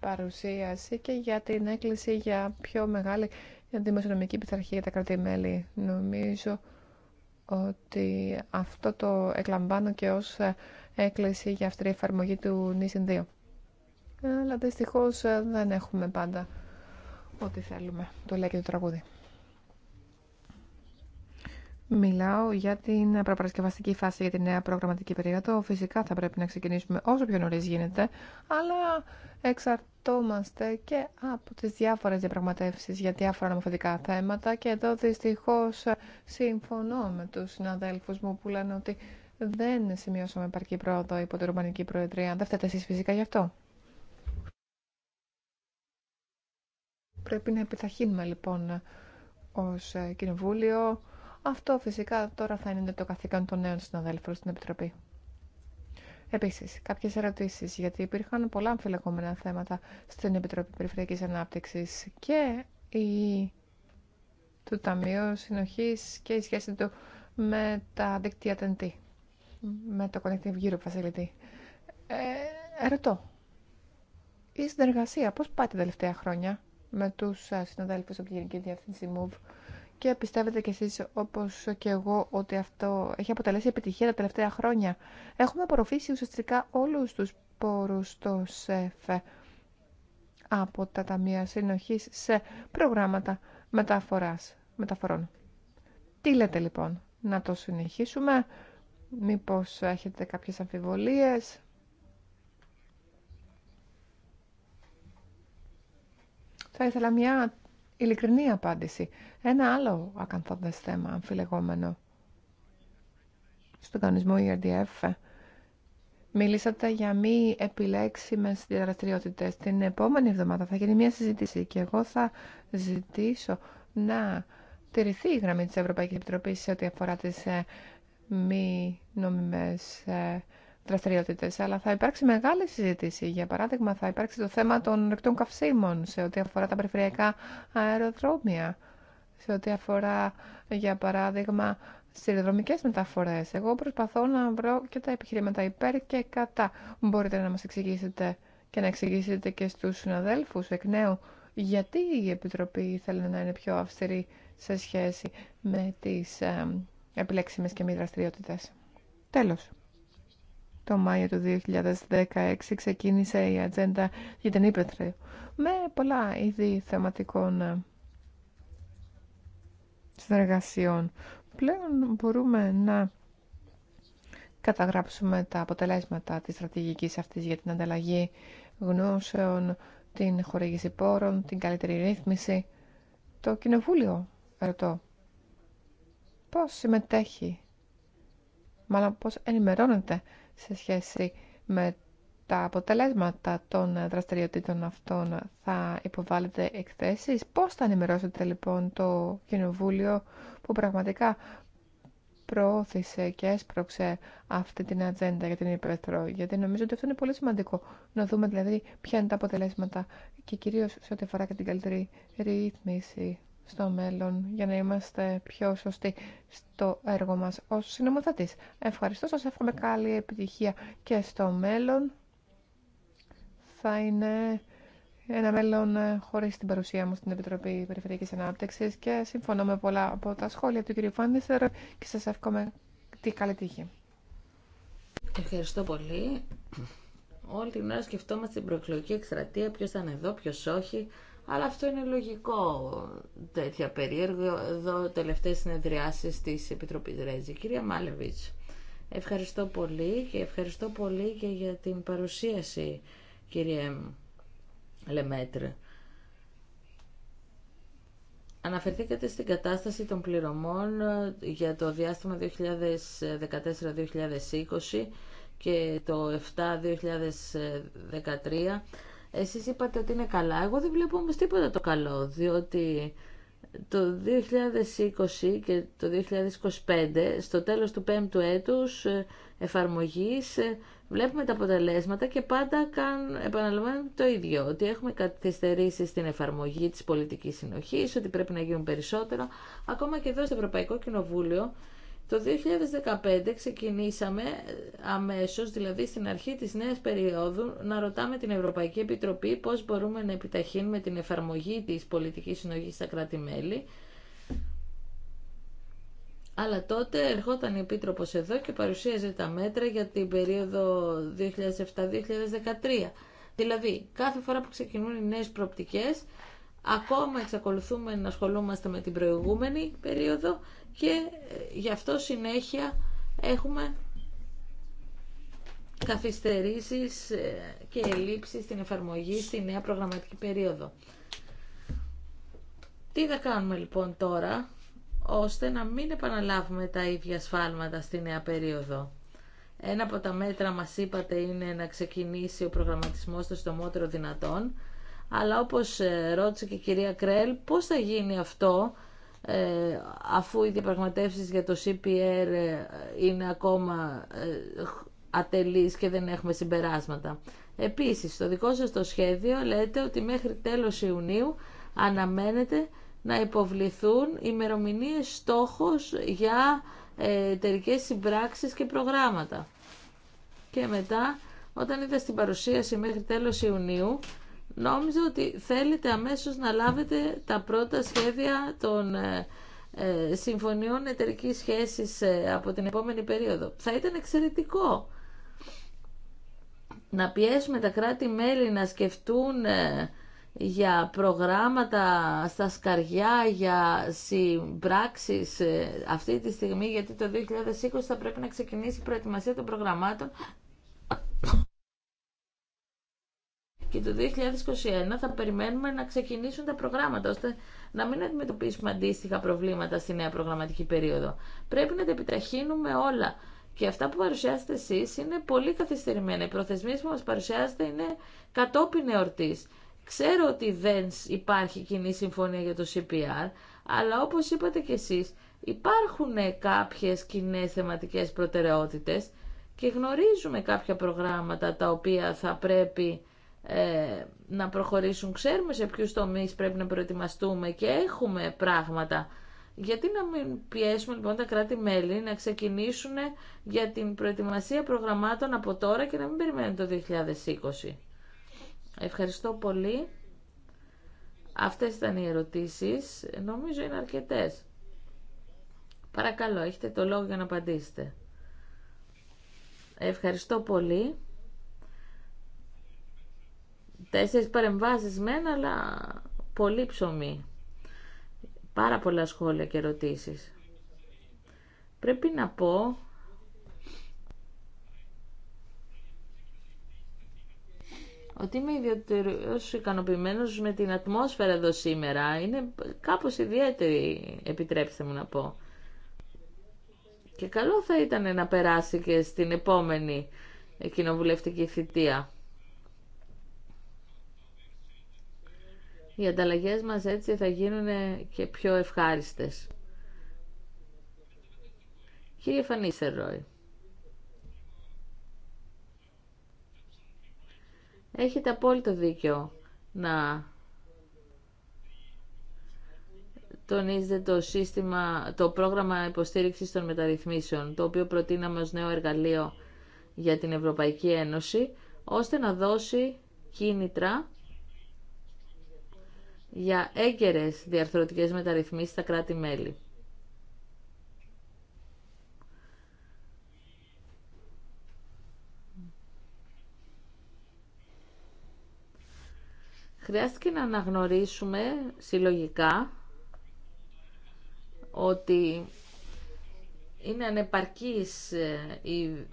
παρουσίαση και για την έκκληση για πιο μεγάλη δημοσιονομική πειθαρχία για τα κράτη-μέλη. Νομίζω ότι αυτό το εκλαμβάνω και ως ε, έκκληση για αυτή η εφαρμογή του νησιν 2. Αλλά δυστυχώ ε, δεν έχουμε πάντα ό,τι θέλουμε. Το λέει και το τραγούδι. Μιλάω για την προπαρασκευαστική φάση για τη νέα προγραμματική περίοδο. Φυσικά θα πρέπει να ξεκινήσουμε όσο πιο νωρίς γίνεται, αλλά εξαρτώμαστε και από τις διάφορες διαπραγματεύσεις για διάφορα νομοθετικά θέματα και εδώ δυστυχώς συμφωνώ με τους συναδέλφους μου που λένε ότι δεν σημειώσαμε επαρκή πρόοδο υπό την Ρουμανική Προεδρία. Δεν φταίτε εσείς φυσικά γι' αυτό. Πρέπει να επιταχύνουμε λοιπόν ως Κοινοβούλιο αυτό φυσικά τώρα θα είναι το καθήκον των νέων συναδέλφων στην Επιτροπή. Επίση, κάποιε ερωτήσει, γιατί υπήρχαν πολλά αμφιλεγόμενα θέματα στην Επιτροπή Περιφερειακή Ανάπτυξη και η... του Ταμείου Συνοχή και η σχέση του με τα δίκτυα TNT, με το Connective Europe Facility. Ε, η συνεργασία πώς πάει τα τελευταία χρόνια με τους ε, συναδέλφους από την Γενική Διεύθυνση MOVE και πιστεύετε κι εσείς όπως και εγώ ότι αυτό έχει αποτελέσει επιτυχία τα τελευταία χρόνια. Έχουμε απορροφήσει ουσιαστικά όλους τους πόρους στο ΣΕΦ από τα Ταμεία Συνοχής σε προγράμματα μεταφοράς, μεταφορών. Τι λέτε λοιπόν, να το συνεχίσουμε, μήπως έχετε κάποιες αμφιβολίες... Θα ήθελα μια ειλικρινή απάντηση. Ένα άλλο ακαθόδε θέμα αμφιλεγόμενο. Στον κανονισμό ERDF μιλήσατε για μη επιλέξιμες δραστηριότητε. Την επόμενη εβδομάδα θα γίνει μια συζήτηση και εγώ θα ζητήσω να τηρηθεί η γραμμή τη Ευρωπαϊκή Επιτροπή σε ό,τι αφορά τι ε, μη νόμιμες ε, αλλά θα υπάρξει μεγάλη συζήτηση. Για παράδειγμα, θα υπάρξει το θέμα των ρεκτών καυσίμων σε ό,τι αφορά τα περιφερειακά αεροδρόμια, σε ό,τι αφορά, για παράδειγμα, σιδηροδρομικέ μεταφορέ. Εγώ προσπαθώ να βρω και τα επιχειρήματα υπέρ και κατά. Μπορείτε να μα εξηγήσετε και να εξηγήσετε και στου συναδέλφου, εκ νέου γιατί η Επιτροπή θέλει να είναι πιο αυστηρή σε σχέση με τις ε, επιλέξιμες και μη δραστηριότητες. Τέλος. Το Μάιο του 2016 ξεκίνησε η ατζέντα για την Ήπεθρο με πολλά είδη θεματικών ε, συνεργασιών. Πλέον μπορούμε να καταγράψουμε τα αποτελέσματα της στρατηγικής αυτής για την ανταλλαγή γνώσεων, την χορήγηση πόρων, την καλύτερη ρύθμιση. Το Κοινοβούλιο, ρωτώ, πώς συμμετέχει, μάλλον πώς ενημερώνεται σε σχέση με τα αποτελέσματα των δραστηριοτήτων αυτών θα υποβάλλεται εκθέσεις. Πώς θα ενημερώσετε λοιπόν το Κοινοβούλιο που πραγματικά προώθησε και έσπρωξε αυτή την ατζέντα για την Υπέθρο. Γιατί νομίζω ότι αυτό είναι πολύ σημαντικό. Να δούμε δηλαδή ποια είναι τα αποτελέσματα και κυρίως σε ό,τι αφορά και την καλύτερη ρύθμιση στο μέλλον για να είμαστε πιο σωστοί στο έργο μας ως συνομοθετής. Ευχαριστώ, σας εύχομαι καλή επιτυχία και στο μέλλον. Θα είναι ένα μέλλον ε, χωρίς την παρουσία μου στην Επιτροπή Περιφερειακής Ανάπτυξης και συμφωνώ με πολλά από τα σχόλια του κ. Φάνιστερ και σας εύχομαι τη καλή τύχη. Ευχαριστώ πολύ. Όλη την ώρα σκεφτόμαστε την προεκλογική εκστρατεία, ποιος θα είναι εδώ, ποιος όχι. Αλλά αυτό είναι λογικό τέτοια περίεργο εδώ τελευταίες συνεδριάσεις της Επιτροπής Ρέζη. Κυρία Μάλεβιτς, ευχαριστώ πολύ και ευχαριστώ πολύ και για την παρουσίαση κύριε Λεμέτρ. Αναφερθήκατε στην κατάσταση των πληρωμών ε, για το διάστημα 2014-2020 και το 7-2013 εσείς είπατε ότι είναι καλά. Εγώ δεν βλέπω όμως τίποτα το καλό, διότι το 2020 και το 2025, στο τέλος του πέμπτου έτους ε, εφαρμογής, ε, βλέπουμε τα αποτελέσματα και πάντα καν, το ίδιο, ότι έχουμε καθυστερήσει στην εφαρμογή της πολιτικής συνοχής, ότι πρέπει να γίνουν περισσότερα. Ακόμα και εδώ στο Ευρωπαϊκό Κοινοβούλιο το 2015 ξεκινήσαμε ε, αμέσως, δηλαδή στην αρχή της νέας περίοδου, να ρωτάμε την Ευρωπαϊκή Επιτροπή πώς μπορούμε να επιταχύνουμε την εφαρμογή της πολιτικής συνοχής στα κράτη-μέλη. Αλλά τότε ερχόταν η Επίτροπος εδώ και παρουσίαζε τα μέτρα για την περίοδο 2007-2013. Δηλαδή, κάθε φορά που ξεκινούν οι νέες προοπτικές, ακόμα εξακολουθούμε να ασχολούμαστε με την προηγούμενη περίοδο και ε, γι' αυτό συνέχεια έχουμε καθυστερήσεις ε, και ελλείψεις στην εφαρμογή στη νέα προγραμματική περίοδο. Τι θα κάνουμε λοιπόν τώρα ώστε να μην επαναλάβουμε τα ίδια σφάλματα στη νέα περίοδο. Ένα από τα μέτρα μας είπατε είναι να ξεκινήσει ο προγραμματισμός στο στομότερο δυνατόν, αλλά όπως ε, ρώτησε και η κυρία Κρέλ, πώς θα γίνει αυτό ε, αφού οι διαπραγματεύσεις για το CPR ε, είναι ακόμα ε, ατελείς και δεν έχουμε συμπεράσματα. Επίσης, στο δικό σας το σχέδιο λέτε ότι μέχρι τέλος Ιουνίου αναμένεται να υποβληθούν ημερομηνίες στόχος για εταιρικέ συμπράξεις και προγράμματα. Και μετά, όταν είδα στην παρουσίαση μέχρι τέλος Ιουνίου, νόμιζα ότι θέλετε αμέσως να λάβετε τα πρώτα σχέδια των ε, ε, συμφωνιών εταιρικής σχέσης ε, από την επόμενη περίοδο. Θα ήταν εξαιρετικό να πιέσουμε τα κράτη-μέλη να σκεφτούν για προγράμματα στα σκαριά, για συμπράξεις αυτή τη στιγμή, γιατί το 2020 θα πρέπει να ξεκινήσει η προετοιμασία των προγραμμάτων και το 2021 θα περιμένουμε να ξεκινήσουν τα προγράμματα ώστε να μην αντιμετωπίσουμε αντίστοιχα προβλήματα στη νέα προγραμματική περίοδο. Πρέπει να τα επιταχύνουμε όλα. Και αυτά που παρουσιάσετε εσεί είναι πολύ καθυστερημένα. Οι προθεσμίε που μα παρουσιάζετε είναι κατόπιν εορτή. Ξέρω ότι δεν υπάρχει κοινή συμφωνία για το CPR, αλλά όπω είπατε κι εσεί υπάρχουν κάποιε κοινέ θεματικέ προτεραιότητε και γνωρίζουμε κάποια προγράμματα τα οποία θα πρέπει ε, να προχωρήσουν. Ξέρουμε σε ποιους τομείς πρέπει να προετοιμαστούμε και έχουμε πράγματα. Γιατί να μην πιέσουμε λοιπόν τα κράτη-μέλη να ξεκινήσουν για την προετοιμασία προγραμμάτων από τώρα και να μην περιμένουν το 2020. Ευχαριστώ πολύ. Αυτές ήταν οι ερωτήσεις. Νομίζω είναι αρκετές. Παρακαλώ, έχετε το λόγο για να απαντήσετε. Ευχαριστώ πολύ. Τέσσερις παρεμβάσεις μεν, αλλά πολύ ψωμί. Πάρα πολλά σχόλια και ερωτήσεις. Πρέπει να πω ότι είμαι ιδιαίτερως ικανοποιημένος με την ατμόσφαιρα εδώ σήμερα. Είναι κάπως ιδιαίτερη, επιτρέψτε μου να πω. Και καλό θα ήταν να περάσει και στην επόμενη κοινοβουλευτική θητεία. οι ανταλλαγές μας έτσι θα γίνουν και πιο ευχάριστες. Κύριε Φανίσερ Ρόι, έχετε απόλυτο δίκιο να τονίζετε το, σύστημα, το πρόγραμμα υποστήριξης των μεταρρυθμίσεων, το οποίο προτείναμε ως νέο εργαλείο για την Ευρωπαϊκή Ένωση, ώστε να δώσει κίνητρα για έγκαιρες διαρθρωτικές μεταρρυθμίσεις στα κράτη-μέλη. Χρειάστηκε να αναγνωρίσουμε συλλογικά ότι είναι ανεπαρκής ε,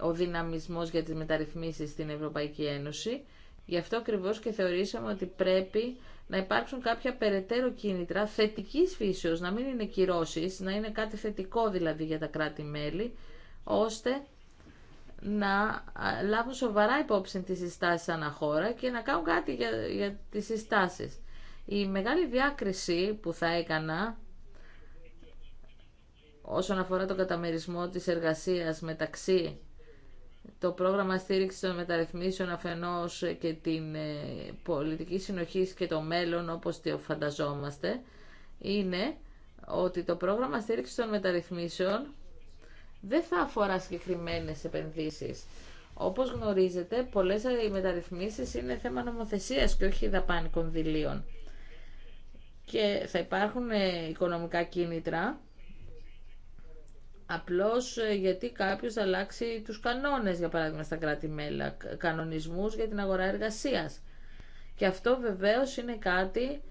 ο δυναμισμός για τις μεταρρυθμίσεις στην Ευρωπαϊκή Ένωση. Γι' αυτό ακριβώς και θεωρήσαμε ότι πρέπει να υπάρξουν κάποια περαιτέρω κίνητρα θετική φύσεω, να μην είναι κυρώσει, να είναι κάτι θετικό δηλαδή για τα κράτη-μέλη, ώστε να λάβουν σοβαρά υπόψη τις συστάσεις αναχώρα και να κάνουν κάτι για, για τις συστάσεις. Η μεγάλη διάκριση που θα έκανα όσον αφορά τον καταμερισμό της εργασίας μεταξύ το πρόγραμμα στήριξης των μεταρρυθμίσεων αφενός και την ε, πολιτική συνοχή και το μέλλον όπως το φανταζόμαστε είναι ότι το πρόγραμμα στήριξης των μεταρρυθμίσεων δεν θα αφορά συγκεκριμένες επενδύσεις. Όπως γνωρίζετε, πολλές οι μεταρρυθμίσεις είναι θέμα νομοθεσίας και όχι δαπάνικων κονδυλίων. Και θα υπάρχουν ε, οικονομικά κίνητρα απλώς ε, γιατί κάποιος θα αλλάξει τους κανόνες, για παράδειγμα, στα κράτη-μέλα, κανονισμούς για την αγορά εργασίας. Και αυτό βεβαίως είναι κάτι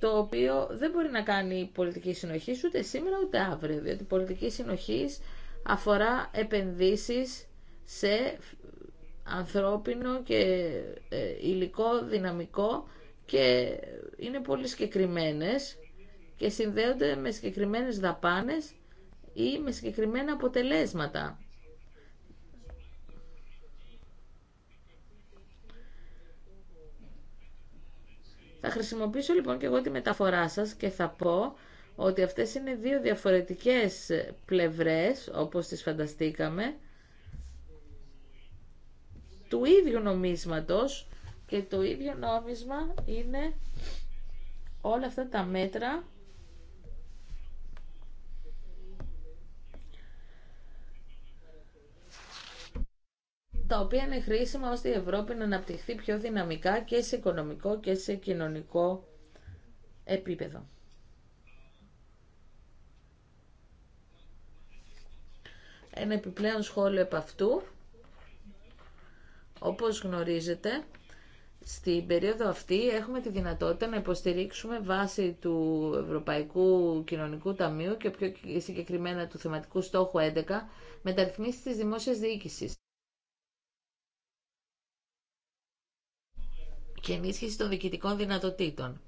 το οποίο δεν μπορεί να κάνει η πολιτική συνοχή ούτε σήμερα ούτε αύριο, διότι η πολιτική συνοχή αφορά επενδύσεις σε ανθρώπινο και ε, υλικό δυναμικό και είναι πολύ συγκεκριμένε και συνδέονται με συγκεκριμένες δαπάνες ή με συγκεκριμένα αποτελέσματα. Θα χρησιμοποιήσω λοιπόν και εγώ τη μεταφορά σας και θα πω ότι αυτές είναι δύο διαφορετικές πλευρές, όπως τις φανταστήκαμε, του ίδιου νομίσματος και το ίδιο νόμισμα είναι όλα αυτά τα μέτρα τα οποία είναι χρήσιμα ώστε η Ευρώπη να αναπτυχθεί πιο δυναμικά και σε οικονομικό και σε κοινωνικό επίπεδο. Ένα επιπλέον σχόλιο επ' αυτού. Όπως γνωρίζετε, στην περίοδο αυτή έχουμε τη δυνατότητα να υποστηρίξουμε βάση του Ευρωπαϊκού Κοινωνικού Ταμείου και πιο συγκεκριμένα του θεματικού στόχου 11 μεταρρυθμίσεις της δημόσιας διοίκησης. και ενίσχυση των διοικητικών δυνατοτήτων.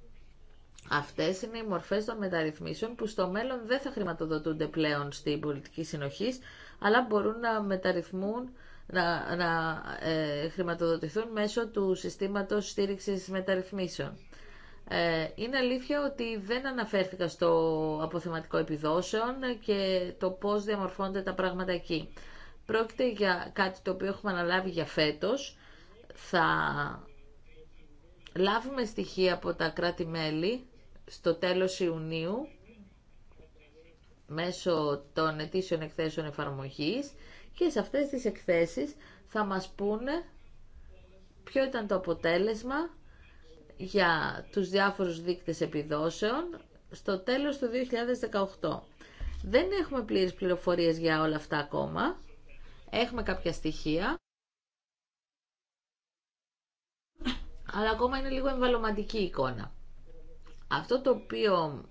Αυτές είναι οι μορφέ των μεταρρυθμίσεων που στο μέλλον δεν θα χρηματοδοτούνται πλέον στην πολιτική συνοχής, αλλά μπορούν να μεταρρυθμούν, να, ε, χρηματοδοτηθούν μέσω του συστήματος στήριξης μεταρρυθμίσεων. Ε, είναι αλήθεια ότι δεν αναφέρθηκα στο αποθεματικό επιδόσεων και το πώς διαμορφώνονται τα πράγματα εκεί. Πρόκειται για κάτι το οποίο έχουμε αναλάβει για φέτος. Θα λάβουμε στοιχεία από τα κράτη-μέλη στο τέλος Ιουνίου μέσω των ετήσιων εκθέσεων εφαρμογής και σε αυτές τις εκθέσεις θα μας πούνε ποιο ήταν το αποτέλεσμα για τους διάφορους δείκτες επιδόσεων στο τέλος του 2018. Δεν έχουμε πλήρες πληροφορίες για όλα αυτά ακόμα. Έχουμε κάποια στοιχεία. αλλά ακόμα είναι λίγο εμβαλωματική η εικόνα. Αυτό το οποίο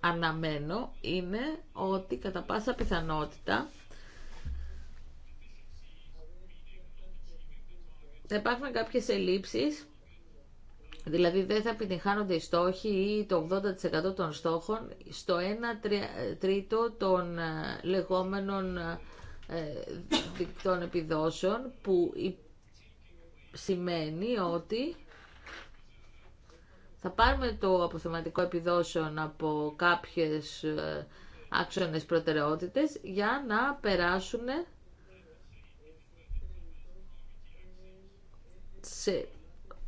αναμένω είναι ότι κατά πάσα πιθανότητα θα υπάρχουν κάποιες ελλείψεις, δηλαδή δεν θα επιτυγχάνονται οι στόχοι ή το 80% των στόχων στο 1 τρίτο των ε, λεγόμενων ε, δικτών επιδόσεων που σημαίνει ότι θα πάρουμε το αποθεματικό επιδόσεων από κάποιες ε, άξονες προτεραιότητες για να περάσουν σε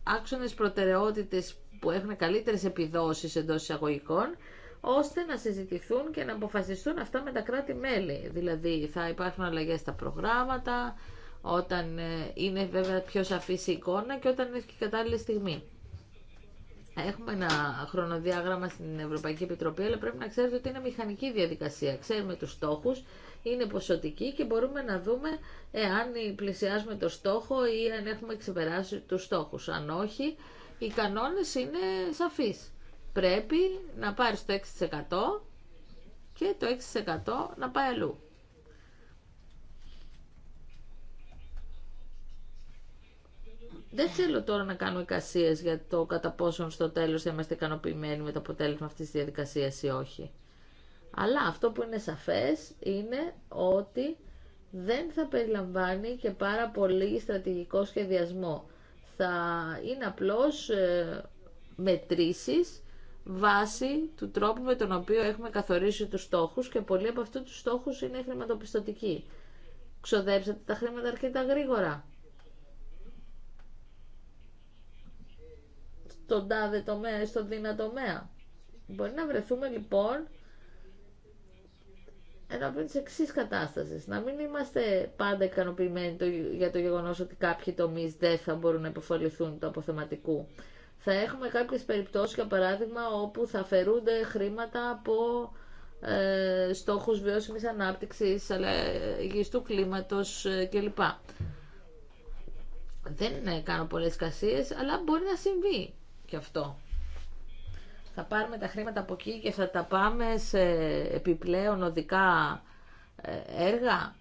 άξονες προτεραιότητες που έχουν καλύτερες επιδόσεις εντός εισαγωγικών ώστε να συζητηθούν και να αποφασιστούν αυτά με τα κράτη-μέλη. Δηλαδή θα υπάρχουν αλλαγές στα προγράμματα, όταν ε, είναι βέβαια πιο σαφής η εικόνα και όταν έχει κατάλληλη στιγμή. Έχουμε ένα χρονοδιάγραμμα στην Ευρωπαϊκή Επιτροπή, αλλά πρέπει να ξέρετε ότι είναι μηχανική διαδικασία. Ξέρουμε τους στόχους, είναι ποσοτική και μπορούμε να δούμε εάν πλησιάζουμε το στόχο ή αν έχουμε ξεπεράσει τους στόχους. Αν όχι, οι κανόνες είναι σαφείς. Πρέπει να πάρεις το 6% και το 6% να πάει αλλού. Δεν θέλω τώρα να κάνω εικασίες για το κατά πόσον στο τέλος θα είμαστε ικανοποιημένοι με το αποτέλεσμα αυτής της διαδικασίας ή όχι. Αλλά αυτό που είναι σαφές είναι ότι δεν θα περιλαμβάνει και πάρα πολύ στρατηγικό σχεδιασμό. Θα είναι απλώς ε, μετρήσεις βάσει του τρόπου με τον οποίο έχουμε καθορίσει τους στόχους και πολλοί από αυτούς τους στόχους είναι χρηματοπιστωτικοί. Ξοδέψατε τα χρήματα αρκετά γρήγορα. στον τάδε τομέα ή στον δύνατο τομέα. Μπορεί να βρεθούμε λοιπόν ενώπιον τη εξή κατάσταση. Να μην είμαστε πάντα ικανοποιημένοι για το γεγονό ότι κάποιοι τομεί δεν θα μπορούν να υποφοληθούν το αποθεματικού. Θα έχουμε κάποιε περιπτώσει, για παράδειγμα, όπου θα αφαιρούνται χρήματα από ε, στόχους βιώσιμης ανάπτυξης, ε, του κλίματο ε, κλπ. Δεν ε, κάνω πολλέ κασίες, αλλά μπορεί να συμβεί αυτό. Θα πάρουμε τα χρήματα από εκεί και θα τα πάμε σε επιπλέον οδικά ε, έργα.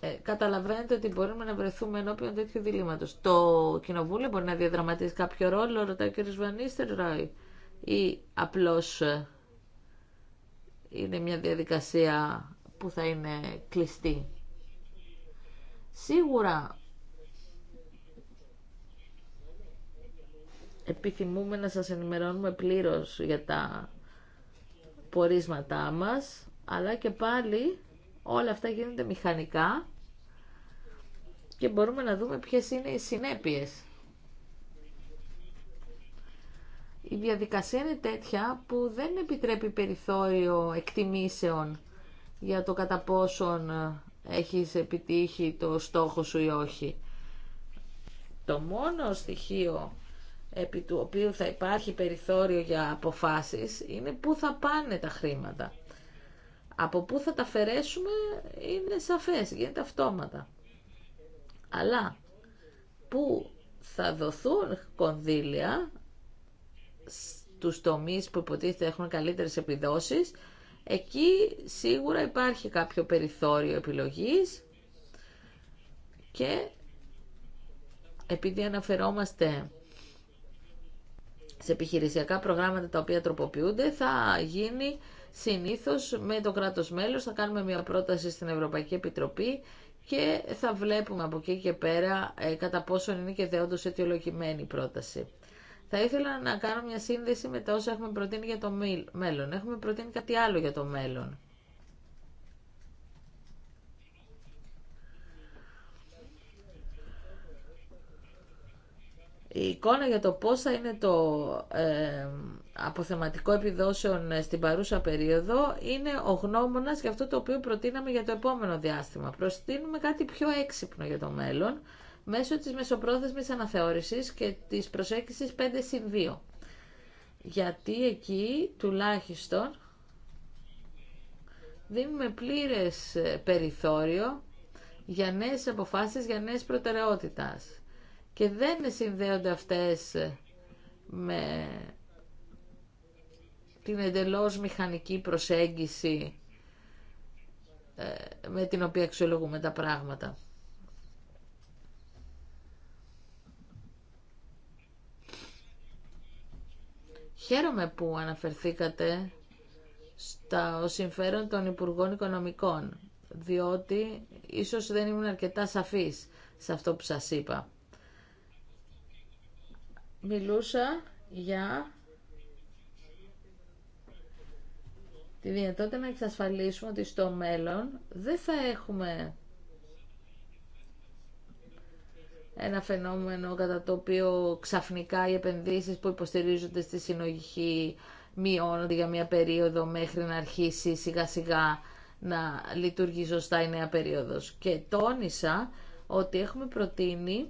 Ε, καταλαβαίνετε ότι μπορούμε να βρεθούμε ενώπιον τέτοιου διλήμματος. Το κοινοβούλιο μπορεί να διαδραματίσει κάποιο ρόλο, ρωτάει ο κ. Βανίστερ ή απλώς ε, είναι μια διαδικασία που θα είναι κλειστή. Σίγουρα επιθυμούμε να σας ενημερώνουμε πλήρως για τα πορίσματά μας, αλλά και πάλι όλα αυτά γίνονται μηχανικά και μπορούμε να δούμε ποιες είναι οι συνέπειες. Η διαδικασία είναι τέτοια που δεν επιτρέπει περιθώριο εκτιμήσεων για το κατά πόσον έχεις επιτύχει το στόχο σου ή όχι. Το μόνο στοιχείο επί του οποίου θα υπάρχει περιθώριο για αποφάσεις είναι πού θα πάνε τα χρήματα. Από πού θα τα αφαιρέσουμε είναι σαφές, γίνεται αυτόματα. Αλλά πού θα δοθούν κονδύλια στους τομείς που υποτίθεται έχουν καλύτερες επιδόσεις, εκεί σίγουρα υπάρχει κάποιο περιθώριο επιλογής και επειδή αναφερόμαστε σε επιχειρησιακά προγράμματα τα οποία τροποποιούνται θα γίνει συνήθως με το κράτος μέλος, θα κάνουμε μια πρόταση στην Ευρωπαϊκή Επιτροπή και θα βλέπουμε από εκεί και πέρα ε, κατά πόσο είναι και δεόντως αιτιολογημένη η πρόταση. Θα ήθελα να κάνω μια σύνδεση με τα όσα έχουμε προτείνει για το μέλλον. Έχουμε προτείνει κάτι άλλο για το μέλλον. Η εικόνα για το πώς θα είναι το ε, αποθεματικό επιδόσεων στην παρούσα περίοδο είναι ο γνώμονας για αυτό το οποίο προτείναμε για το επόμενο διάστημα. Προστείνουμε κάτι πιο έξυπνο για το μέλλον μέσω της μεσοπρόθεσμης αναθεώρησης και της προσέγγισης 5 συν 2. Γιατί εκεί τουλάχιστον δίνουμε πλήρες περιθώριο για νέες αποφάσεις, για νέες προτεραιότητες και δεν συνδέονται αυτές με την εντελώς μηχανική προσέγγιση ε, με την οποία αξιολογούμε τα πράγματα. Χαίρομαι που αναφερθήκατε στα συμφέρον των Υπουργών Οικονομικών, διότι ίσως δεν ήμουν αρκετά σαφής σε αυτό που σας είπα μιλούσα για τη δυνατότητα να εξασφαλίσουμε ότι στο μέλλον δεν θα έχουμε ένα φαινόμενο κατά το οποίο ξαφνικά οι επενδύσεις που υποστηρίζονται στη συνοχή μειώνονται για μια περίοδο μέχρι να αρχίσει σιγά σιγά να λειτουργεί σωστά η νέα περίοδος. Και τόνισα ότι έχουμε προτείνει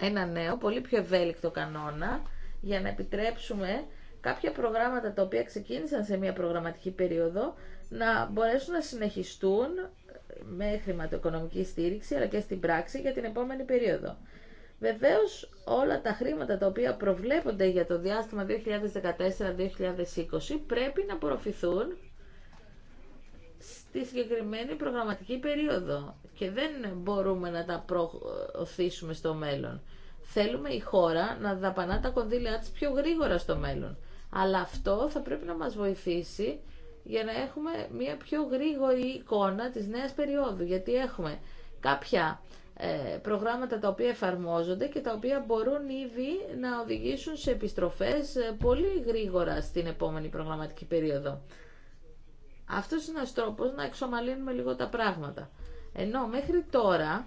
ένα νέο, πολύ πιο ευέλικτο κανόνα για να επιτρέψουμε κάποια προγράμματα τα οποία ξεκίνησαν σε μια προγραμματική περίοδο να μπορέσουν να συνεχιστούν με χρηματοοικονομική στήριξη αλλά και στην πράξη για την επόμενη περίοδο. Βεβαίως όλα τα χρήματα τα οποία προβλέπονται για το διάστημα 2014-2020 πρέπει να απορροφηθούν στη συγκεκριμένη προγραμματική περίοδο και δεν μπορούμε να τα προωθήσουμε στο μέλλον. Θέλουμε η χώρα να δαπανά τα κονδύλια της πιο γρήγορα στο μέλλον. Αλλά αυτό θα πρέπει να μας βοηθήσει για να έχουμε μια πιο γρήγορη εικόνα της νέας περίοδου. Γιατί έχουμε κάποια ε, προγράμματα τα οποία εφαρμόζονται και τα οποία μπορούν ήδη να οδηγήσουν σε επιστροφές ε, πολύ γρήγορα στην επόμενη προγραμματική περίοδο. Αυτός είναι ένας τρόπος να εξομαλύνουμε λίγο τα πράγματα. Ενώ μέχρι τώρα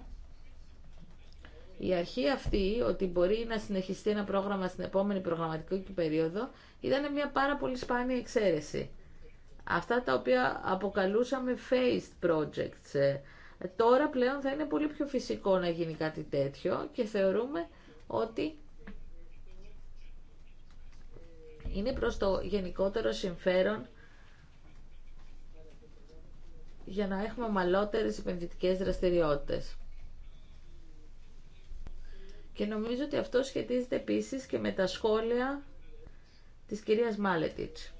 η αρχή αυτή ότι μπορεί να συνεχιστεί ένα πρόγραμμα στην επόμενη προγραμματική περίοδο ήταν μια πάρα πολύ σπάνια εξαίρεση. Αυτά τα οποία αποκαλούσαμε phased projects. Ε, τώρα πλέον θα είναι πολύ πιο φυσικό να γίνει κάτι τέτοιο και θεωρούμε ότι είναι προς το γενικότερο συμφέρον για να έχουμε ομαλότερες επενδυτικές δραστηριότητες. Και νομίζω ότι αυτό σχετίζεται επίσης και με τα σχόλια της κυρίας Μάλετιτς.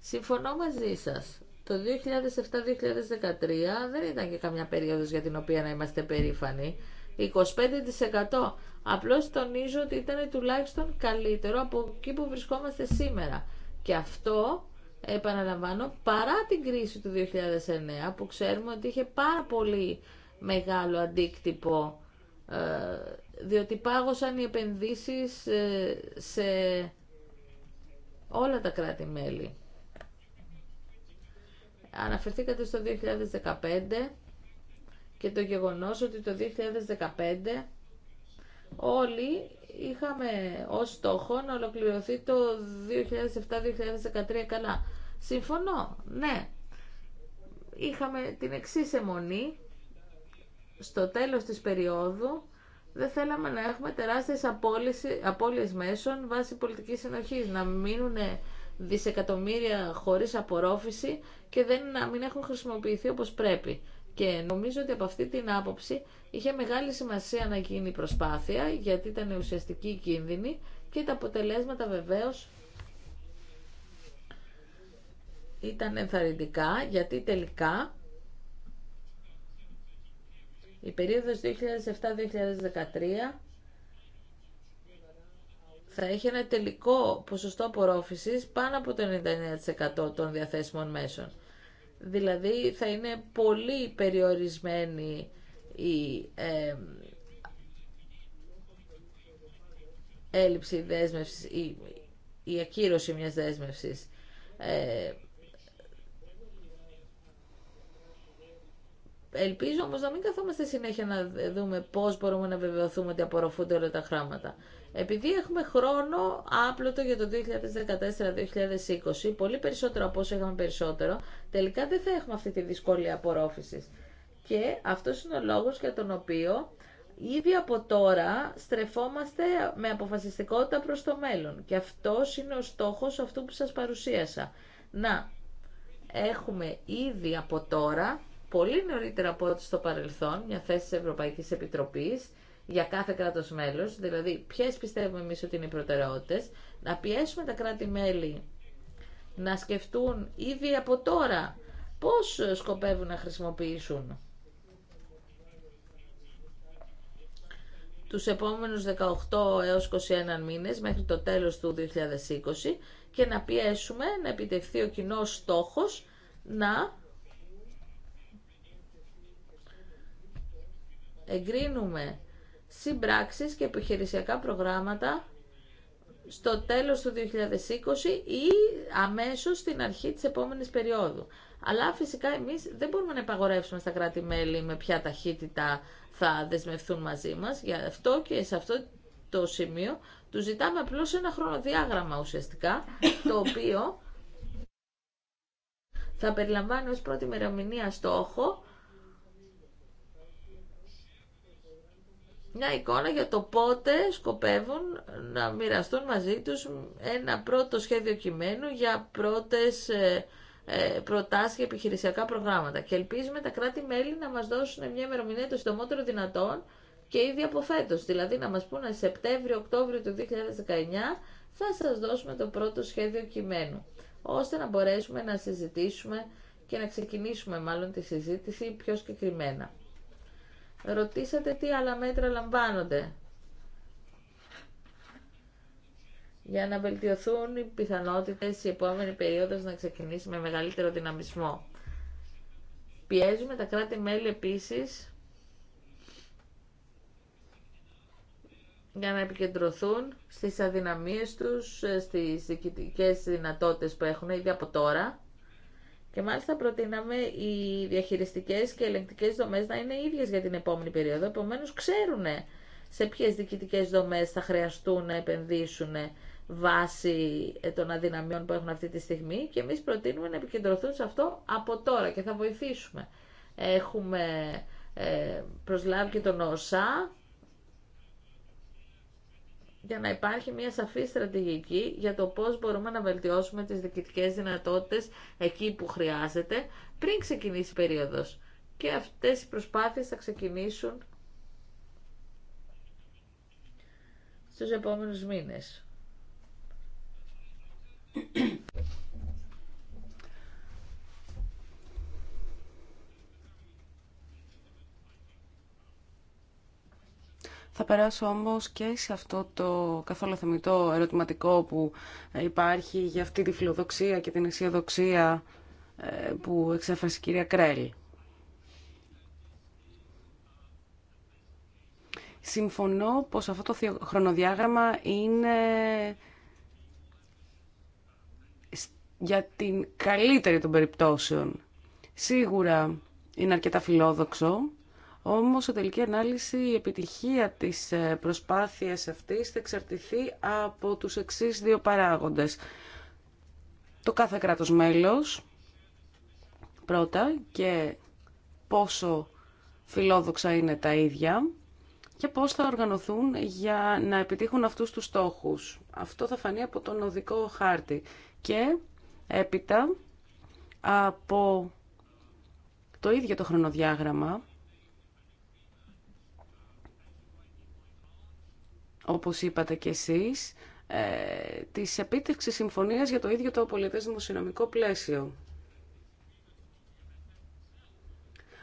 Συμφωνώ μαζί σας. Το 2007-2013 δεν ήταν και καμιά περίοδος για την οποία να είμαστε περήφανοι. 25% απλώς τονίζω ότι ήταν τουλάχιστον καλύτερο από εκεί που βρισκόμαστε σήμερα. Και αυτό επαναλαμβάνω, παρά την κρίση του 2009 που ξέρουμε ότι είχε πάρα πολύ μεγάλο αντίκτυπο ε, διότι πάγωσαν οι επενδύσεις ε, σε όλα τα κράτη-μέλη. Αναφερθήκατε στο 2015 και το γεγονός ότι το 2015 όλοι είχαμε ως στόχο να ολοκληρωθεί το 2007-2013 καλά. Συμφωνώ, ναι. Είχαμε την εξής αιμονή, στο τέλος της περίοδου δεν θέλαμε να έχουμε τεράστιες απώλειες, μέσων βάσει πολιτικής συνοχής, να μείνουν δισεκατομμύρια χωρίς απορρόφηση και δεν, να μην έχουν χρησιμοποιηθεί όπως πρέπει. Και νομίζω ότι από αυτή την άποψη είχε μεγάλη σημασία να γίνει προσπάθεια γιατί ήταν ουσιαστική η κίνδυνη και τα αποτελέσματα βεβαίως ήταν ενθαρρυντικά γιατί τελικά η περίοδος 2007-2013 θα έχει ένα τελικό ποσοστό απορρόφησης πάνω από το 99% των διαθέσιμων μέσων. Δηλαδή θα είναι πολύ περιορισμένη η έλλειψη δέσμευσης, η, η ακύρωση μιας δέσμευσης. Ε, ελπίζω όμως να μην καθόμαστε συνέχεια να δούμε πώς μπορούμε να βεβαιωθούμε ότι απορροφούνται όλα τα χράματα. Επειδή έχουμε χρόνο άπλωτο για το 2014-2020, πολύ περισσότερο από όσο είχαμε περισσότερο, τελικά δεν θα έχουμε αυτή τη δυσκολία απορρόφησης. Και αυτό είναι ο λόγος για τον οποίο ήδη από τώρα στρεφόμαστε με αποφασιστικότητα προς το μέλλον. Και αυτός είναι ο στόχος αυτού που σας παρουσίασα. Να έχουμε ήδη από τώρα, πολύ νωρίτερα από ό,τι στο παρελθόν, μια θέση της Ευρωπαϊκής Επιτροπής, για κάθε κράτος μέλος, δηλαδή ποιες πιστεύουμε εμείς ότι είναι οι προτεραιότητες, να πιέσουμε τα κράτη-μέλη να σκεφτούν ήδη από τώρα πώς σκοπεύουν να χρησιμοποιήσουν τους επόμενους 18 έως 21 μήνες μέχρι το τέλος του 2020 και να πιέσουμε να επιτευχθεί ο κοινός στόχος να εγκρίνουμε συμπράξεις και επιχειρησιακά προγράμματα στο τέλος του 2020 ή αμέσως στην αρχή της επόμενης περίοδου. Αλλά φυσικά εμείς δεν μπορούμε να επαγορεύσουμε στα κράτη-μέλη με ποια ταχύτητα θα δεσμευθούν μαζί μας. Γι' αυτό και σε αυτό το σημείο του ζητάμε απλώς ένα χρονοδιάγραμμα ουσιαστικά, το οποίο θα περιλαμβάνει ως πρώτη ημερομηνία στόχο μια εικόνα για το πότε σκοπεύουν να μοιραστούν μαζί τους ένα πρώτο σχέδιο κειμένου για πρώτες ε, ε, προτάσεις και επιχειρησιακά προγράμματα. Και ελπίζουμε τα κράτη-μέλη να μας δώσουν μια ημερομηνία το συντομότερο δυνατόν και ήδη από φέτος, δηλαδή να μας πούνε Σεπτέμβριο-Οκτώβριο του 2019 θα σας δώσουμε το πρώτο σχέδιο κειμένου, ώστε να μπορέσουμε να συζητήσουμε και να ξεκινήσουμε μάλλον τη συζήτηση πιο συγκεκριμένα. Ρωτήσατε τι άλλα μέτρα λαμβάνονται για να βελτιωθούν οι πιθανότητες η επόμενη περίοδος να ξεκινήσει με μεγαλύτερο δυναμισμό. Πιέζουμε τα κράτη-μέλη επίσης για να επικεντρωθούν στις αδυναμίες τους, στις διοικητικές δυνατότητες που έχουν ήδη από τώρα και μάλιστα προτείναμε οι διαχειριστικές και ελεγκτικές δομές να είναι ίδιες για την επόμενη περίοδο. Επομένω ξέρουν σε ποιε διοικητικέ δομές θα χρειαστούν να επενδύσουν βάσει ε, των αδυναμιών που έχουν αυτή τη στιγμή και εμεί προτείνουμε να επικεντρωθούν σε αυτό από τώρα και θα βοηθήσουμε. Έχουμε ε, προσλάβει και τον ΟΣΑ για να υπάρχει μια σαφή στρατηγική για το πώς μπορούμε να βελτιώσουμε τις διοικητικές δυνατότητες εκεί που χρειάζεται πριν ξεκινήσει η περίοδος. Και αυτές οι προσπάθειες θα ξεκινήσουν στους επόμενους μήνες. Θα περάσω όμως και σε αυτό το καθόλου θεμητό ερωτηματικό που υπάρχει για αυτή τη φιλοδοξία και την αισιοδοξία ε, που εξέφρασε η κυρία Κρέλ. Συμφωνώ πως αυτό το χρονοδιάγραμμα είναι για την καλύτερη των περιπτώσεων. Σίγουρα είναι αρκετά φιλόδοξο όμως, σε τελική ανάλυση, η επιτυχία της ε, προσπάθειας αυτής θα εξαρτηθεί από τους εξής δύο παράγοντες. Το κάθε κράτος μέλος, πρώτα, και πόσο φιλόδοξα είναι τα ίδια και πώς θα οργανωθούν για να επιτύχουν αυτούς τους στόχους. Αυτό θα φανεί από τον οδικό χάρτη και έπειτα από το ίδιο το χρονοδιάγραμμα όπως είπατε κι εσείς, ε, της επίτευξης συμφωνίας για το ίδιο το πολιτές δημοσιονομικό πλαίσιο.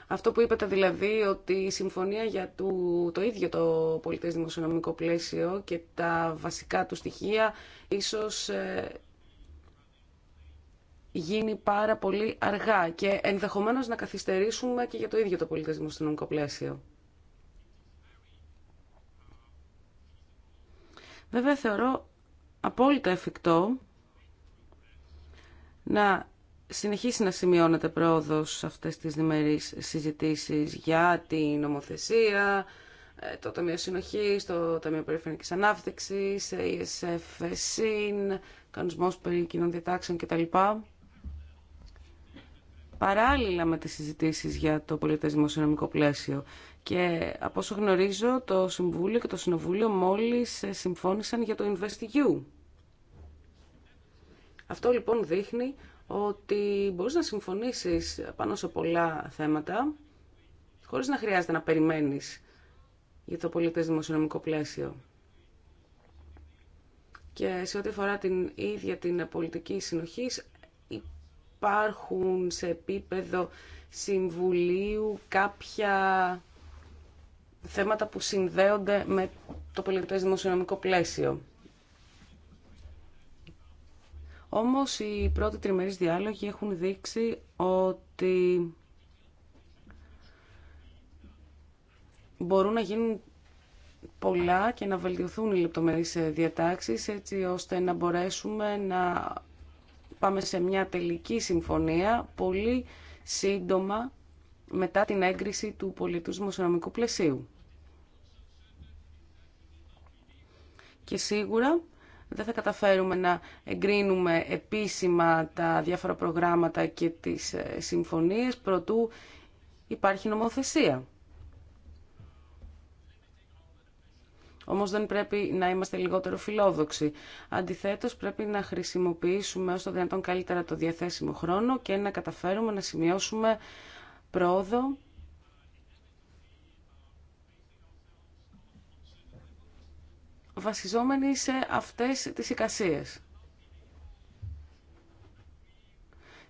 Αυτό που είπατε δηλαδή ότι η συμφωνία για το, το ίδιο το πολιτές δημοσιονομικό πλαίσιο και τα βασικά του στοιχεία ίσως ε, γίνει πάρα πολύ αργά και ενδεχομένως να καθυστερήσουμε και για το ίδιο το πολιτές δημοσιονομικό πλαίσιο. Βέβαια θεωρώ απόλυτα εφικτό να συνεχίσει να σημειώνεται πρόοδος σε αυτές τις διμερείς συζητήσεις για την νομοθεσία, ε, το Ταμείο Συνοχή, το Ταμείο Περιφερειακή Ανάπτυξη, ESF, ε, ΣΥΝ, κανονισμό περί κοινών διατάξεων κτλ. Παράλληλα με τις συζητήσεις για το πολιτισμο δημοσιονομικό πλαίσιο. Και από όσο γνωρίζω, το Συμβούλιο και το Συνοβούλιο μόλις ε, συμφώνησαν για το InvestEU. Αυτό λοιπόν δείχνει ότι μπορείς να συμφωνήσεις πάνω σε πολλά θέματα, χωρίς να χρειάζεται να περιμένεις για το πολιτές δημοσιονομικό πλαίσιο. Και σε ό,τι αφορά την ίδια την πολιτική συνοχής, υπάρχουν σε επίπεδο συμβουλίου κάποια θέματα που συνδέονται με το πολιτικό δημοσιονομικό πλαίσιο. Όμως οι πρώτοι τριμερείς διάλογοι έχουν δείξει ότι μπορούν να γίνουν πολλά και να βελτιωθούν οι λεπτομερείς ε, διατάξεις έτσι ώστε να μπορέσουμε να πάμε σε μια τελική συμφωνία πολύ σύντομα μετά την έγκριση του πολιτού δημοσιονομικού πλαισίου. Και σίγουρα δεν θα καταφέρουμε να εγκρίνουμε επίσημα τα διάφορα προγράμματα και τις ε, συμφωνίες προτού υπάρχει νομοθεσία. Όμως δεν πρέπει να είμαστε λιγότερο φιλόδοξοι. Αντιθέτως πρέπει να χρησιμοποιήσουμε όσο το δυνατόν καλύτερα το διαθέσιμο χρόνο και να καταφέρουμε να σημειώσουμε πρόοδο. βασιζόμενοι σε αυτές τις εικασίες.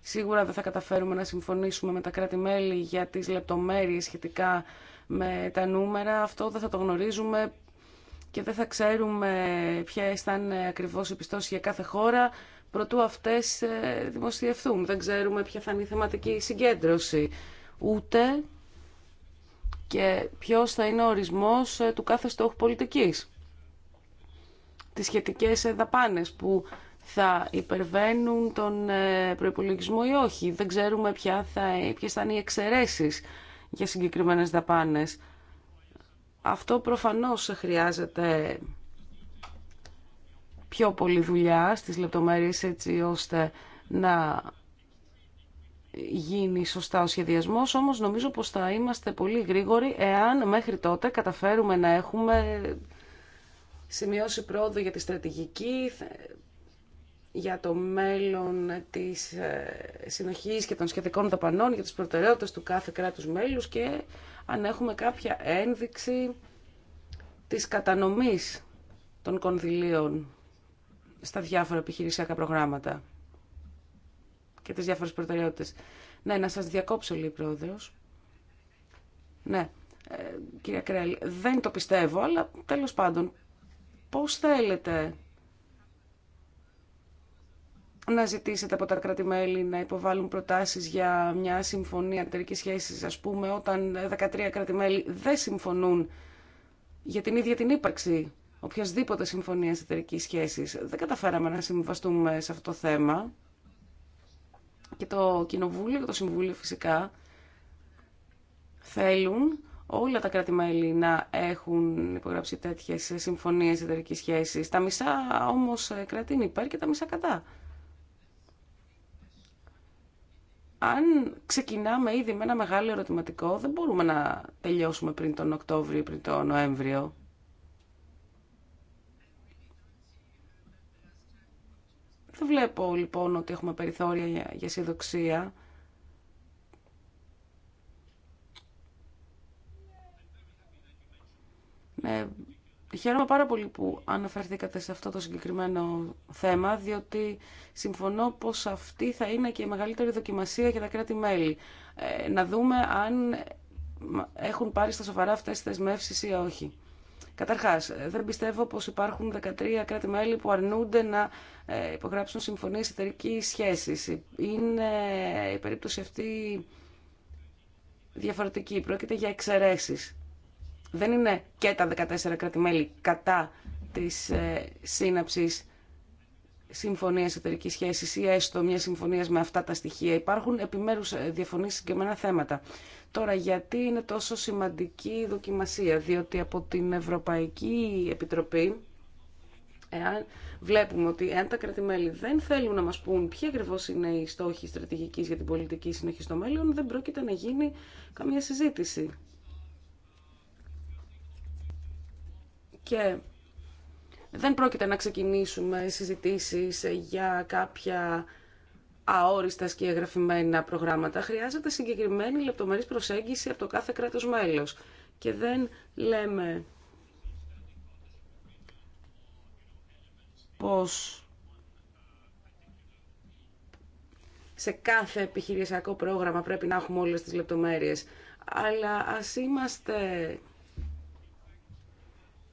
Σίγουρα δεν θα καταφέρουμε να συμφωνήσουμε με τα κράτη-μέλη για τις λεπτομέρειες σχετικά με τα νούμερα. Αυτό δεν θα το γνωρίζουμε και δεν θα ξέρουμε ποια θα είναι ακριβώς η πιστώση για κάθε χώρα προτού αυτές ε, δημοσιευθούν. Δεν ξέρουμε ποια θα είναι η θεματική συγκέντρωση ούτε και ποιος θα είναι ο ορισμός ε, του κάθε στόχου πολιτικής. Τις σχετικές ε, δαπάνες που θα υπερβαίνουν τον ε, προϋπολογισμό ή όχι. Δεν ξέρουμε ποια θα, ποιες θα είναι οι εξαιρέσεις για συγκεκριμένες δαπάνες. Αυτό προφανώς χρειάζεται πιο πολύ δουλειά στις λεπτομέρειες έτσι ώστε να γίνει σωστά ο σχεδιασμός, όμως νομίζω πως θα είμαστε πολύ γρήγοροι εάν μέχρι τότε καταφέρουμε να έχουμε σημειώσει πρόοδο για τη στρατηγική, για το μέλλον της ε, συνοχής και των σχετικών δαπανών, για τις προτεραιότητες του κάθε κράτους μέλους και αν έχουμε κάποια ένδειξη της κατανομής των κονδυλίων στα διάφορα επιχειρησιακά προγράμματα και τις διάφορες προτεραιότητες. Ναι, να σας διακόψω λίγο, Πρόεδρος. Ναι, ε, κυρία Κρέλ, δεν το πιστεύω, αλλά τέλος πάντων, πώς θέλετε να ζητήσετε από τα κράτη-μέλη να υποβάλουν προτάσεις για μια συμφωνία εταιρικής σχέσης, ας πούμε, όταν 13 κράτη-μέλη δεν συμφωνούν για την ίδια την ύπαρξη οποιασδήποτε συμφωνία εταιρικής σχέσης. Δεν καταφέραμε να συμβαστούμε σε αυτό το θέμα και το Κοινοβούλιο και το Συμβούλιο φυσικά θέλουν όλα τα κράτη-μέλη να έχουν υπογράψει τέτοιες συμφωνίες εταιρικής σχέσης. Τα μισά όμως κράτη είναι υπέρ και τα μισά κατά. Αν ξεκινάμε ήδη με ένα μεγάλο ερωτηματικό, δεν μπορούμε να τελειώσουμε πριν τον Οκτώβριο ή πριν τον Νοέμβριο. Δεν βλέπω λοιπόν ότι έχουμε περιθώρια για συνδοξία. Ναι, χαίρομαι πάρα πολύ που αναφερθήκατε σε αυτό το συγκεκριμένο θέμα, διότι συμφωνώ πως αυτή θα είναι και η μεγαλύτερη δοκιμασία για τα κράτη-μέλη. Ε, να δούμε αν έχουν πάρει στα σοβαρά αυτές τις θεσμεύσεις ή όχι. Καταρχάς, ε, δεν πιστεύω πως υπάρχουν 13 κράτη-μέλη που αρνούνται να ε, υπογράψουν συμφωνίες εταιρική σχέσης. Είναι ε, η περίπτωση αυτή διαφορετική. Πρόκειται για εξαιρεσει. Δεν είναι και τα 14 κράτη-μέλη κατά της σύναψης συμφωνίας εταιρικής σχέσης ή έστω μια συμφωνία με αυτά τα στοιχεία. Υπάρχουν επιμέρου ε, διαφωνίε συγκεκριμένα θέματα. Τώρα, γιατί είναι τόσο σημαντική η δοκιμασία, διότι από την Ευρωπαϊκή Επιτροπή εάν βλέπουμε ότι εάν τα στοιχεια υπαρχουν επιμερους διαφωνησεις συγκεκριμενα θεματα τωρα γιατι ειναι τοσο σημαντικη η δοκιμασια διοτι απο την ευρωπαικη επιτροπη εαν βλεπουμε οτι αν τα κρατημελη δεν θέλουν να μας πούν ποιοι ακριβώ είναι οι στόχοι στρατηγικής για την πολιτική συνοχή στο μέλλον, δεν πρόκειται να γίνει καμία συζήτηση. Και δεν πρόκειται να ξεκινήσουμε συζητήσεις για κάποια αόριστα και προγράμματα. Χρειάζεται συγκεκριμένη λεπτομερής προσέγγιση από το κάθε κράτος μέλος. Και δεν λέμε πως σε κάθε επιχειρησιακό πρόγραμμα πρέπει να έχουμε όλες τις λεπτομέρειες. Αλλά ας είμαστε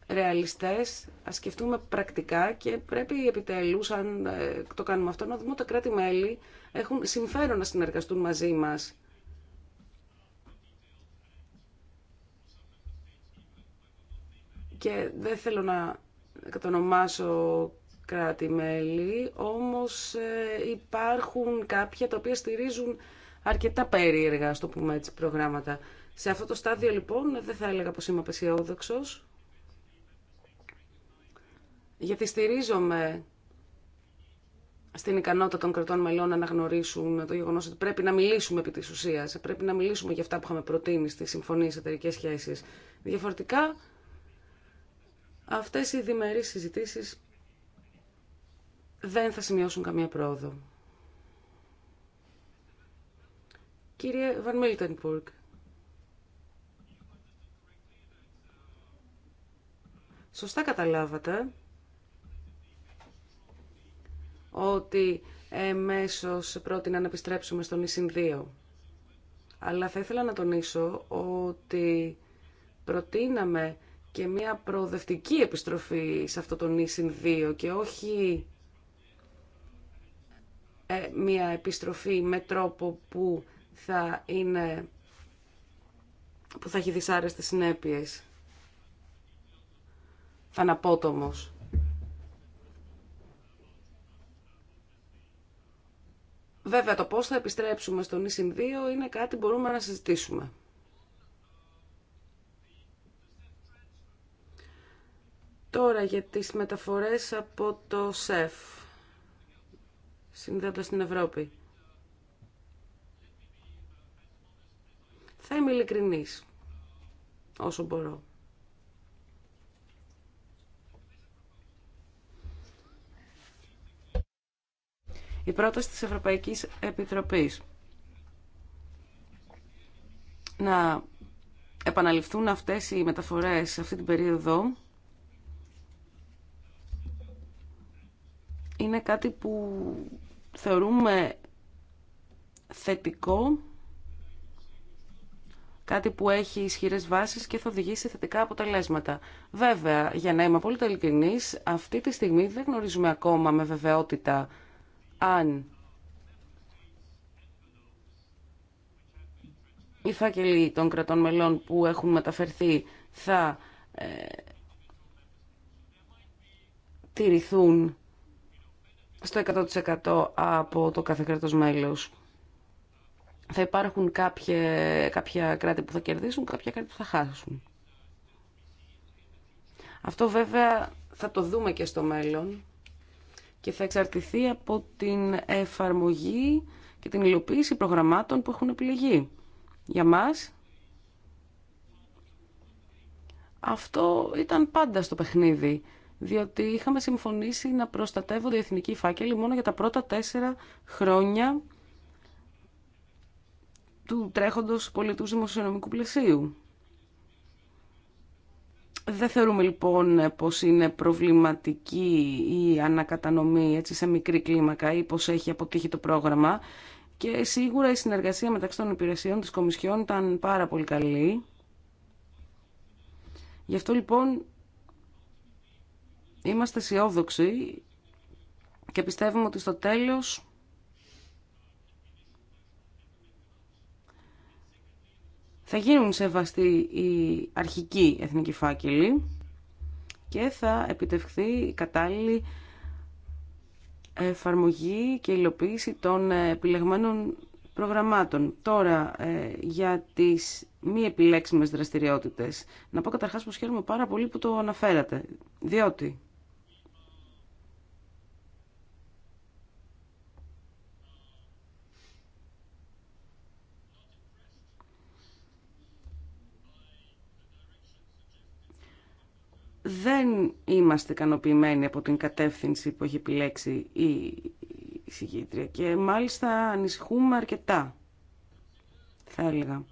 ρεαλιστές, ας σκεφτούμε πρακτικά και πρέπει επιτέλους, αν ε, το κάνουμε αυτό, να δούμε ότι τα κράτη-μέλη έχουν συμφέρον να συνεργαστούν μαζί μας. Και δεν θέλω να κατονομάσω κράτη-μέλη, όμως ε, υπάρχουν κάποια τα οποία στηρίζουν αρκετά περίεργα, στο πούμε έτσι, προγράμματα. Σε αυτό το στάδιο λοιπόν δεν θα έλεγα πως είμαι απεσιόδοξος γιατί στηρίζομαι στην ικανότητα των κρατών μελών να αναγνωρίσουν το γεγονό ότι πρέπει να μιλήσουμε επί τη ουσία, πρέπει να μιλήσουμε για αυτά που είχαμε προτείνει στι συμφωνίε εταιρικέ σχέσει. Διαφορετικά, αυτέ οι διμερεί συζητήσει δεν θα σημειώσουν καμία πρόοδο. Κύριε Βαν Μίλτενπουργκ, σωστά καταλάβατε ότι εμέσω πρότεινα να επιστρέψουμε στον ίσινδιο, Αλλά θα ήθελα να τονίσω ότι προτείναμε και μια προοδευτική επιστροφή σε αυτό τον ίσινδιο και όχι ε, μια επιστροφή με τρόπο που θα είναι που θα έχει δυσάρεστες συνέπειες. Θα αναπότομος. Βέβαια το πώς θα επιστρέψουμε στον ΙΣΙΝ 2 είναι κάτι που μπορούμε να συζητήσουμε. Τώρα για τις μεταφορές από το ΣΕΦ, συνδέοντας στην Ευρώπη. Θα είμαι ειλικρινής, όσο μπορώ. η πρόταση της Ευρωπαϊκής Επιτροπής να επαναληφθούν αυτές οι μεταφορές σε αυτή την περίοδο είναι κάτι που θεωρούμε θετικό, κάτι που έχει ισχυρές βάσεις και θα οδηγήσει θετικά αποτελέσματα. Βέβαια, για να είμαι απόλυτα ειλικρινής, αυτή τη στιγμή δεν γνωρίζουμε ακόμα με βεβαιότητα αν οι φάκελοι των κρατών μελών που έχουν μεταφερθεί θα ε, τηρηθούν στο 100% από το κάθε κράτος μέλος. Θα υπάρχουν κάποια, κάποια κράτη που θα κερδίσουν, κάποια κράτη που θα χάσουν. Αυτό βέβαια θα το δούμε και στο μέλλον και θα εξαρτηθεί από την εφαρμογή και την υλοποίηση προγραμμάτων που έχουν επιλεγεί. Για μας αυτό ήταν πάντα στο παιχνίδι, διότι είχαμε συμφωνήσει να προστατεύονται οι εθνικοί φάκελοι μόνο για τα πρώτα τέσσερα χρόνια του τρέχοντος πολιτούς δημοσιονομικού πλαισίου. Δεν θεωρούμε λοιπόν πως είναι προβληματική η ανακατανομή έτσι, σε μικρή κλίμακα ή πως έχει αποτύχει το πρόγραμμα και σίγουρα η συνεργασία μεταξύ των υπηρεσιών της Κομισιόν ήταν πάρα πολύ καλή. Γι' αυτό λοιπόν είμαστε αισιόδοξοι και πιστεύουμε ότι στο τέλος θα γίνουν σεβαστοί οι αρχικοί εθνικοί φάκελοι και θα επιτευχθεί η κατάλληλη εφαρμογή και υλοποίηση των επιλεγμένων προγραμμάτων. Τώρα, ε, για τις μη επιλέξιμες δραστηριότητες. Να πω καταρχάς πως χαίρομαι πάρα πολύ που το αναφέρατε, διότι δεν είμαστε ικανοποιημένοι από την κατεύθυνση που έχει επιλέξει η συγκήτρια και μάλιστα ανησυχούμε αρκετά, θα έλεγα.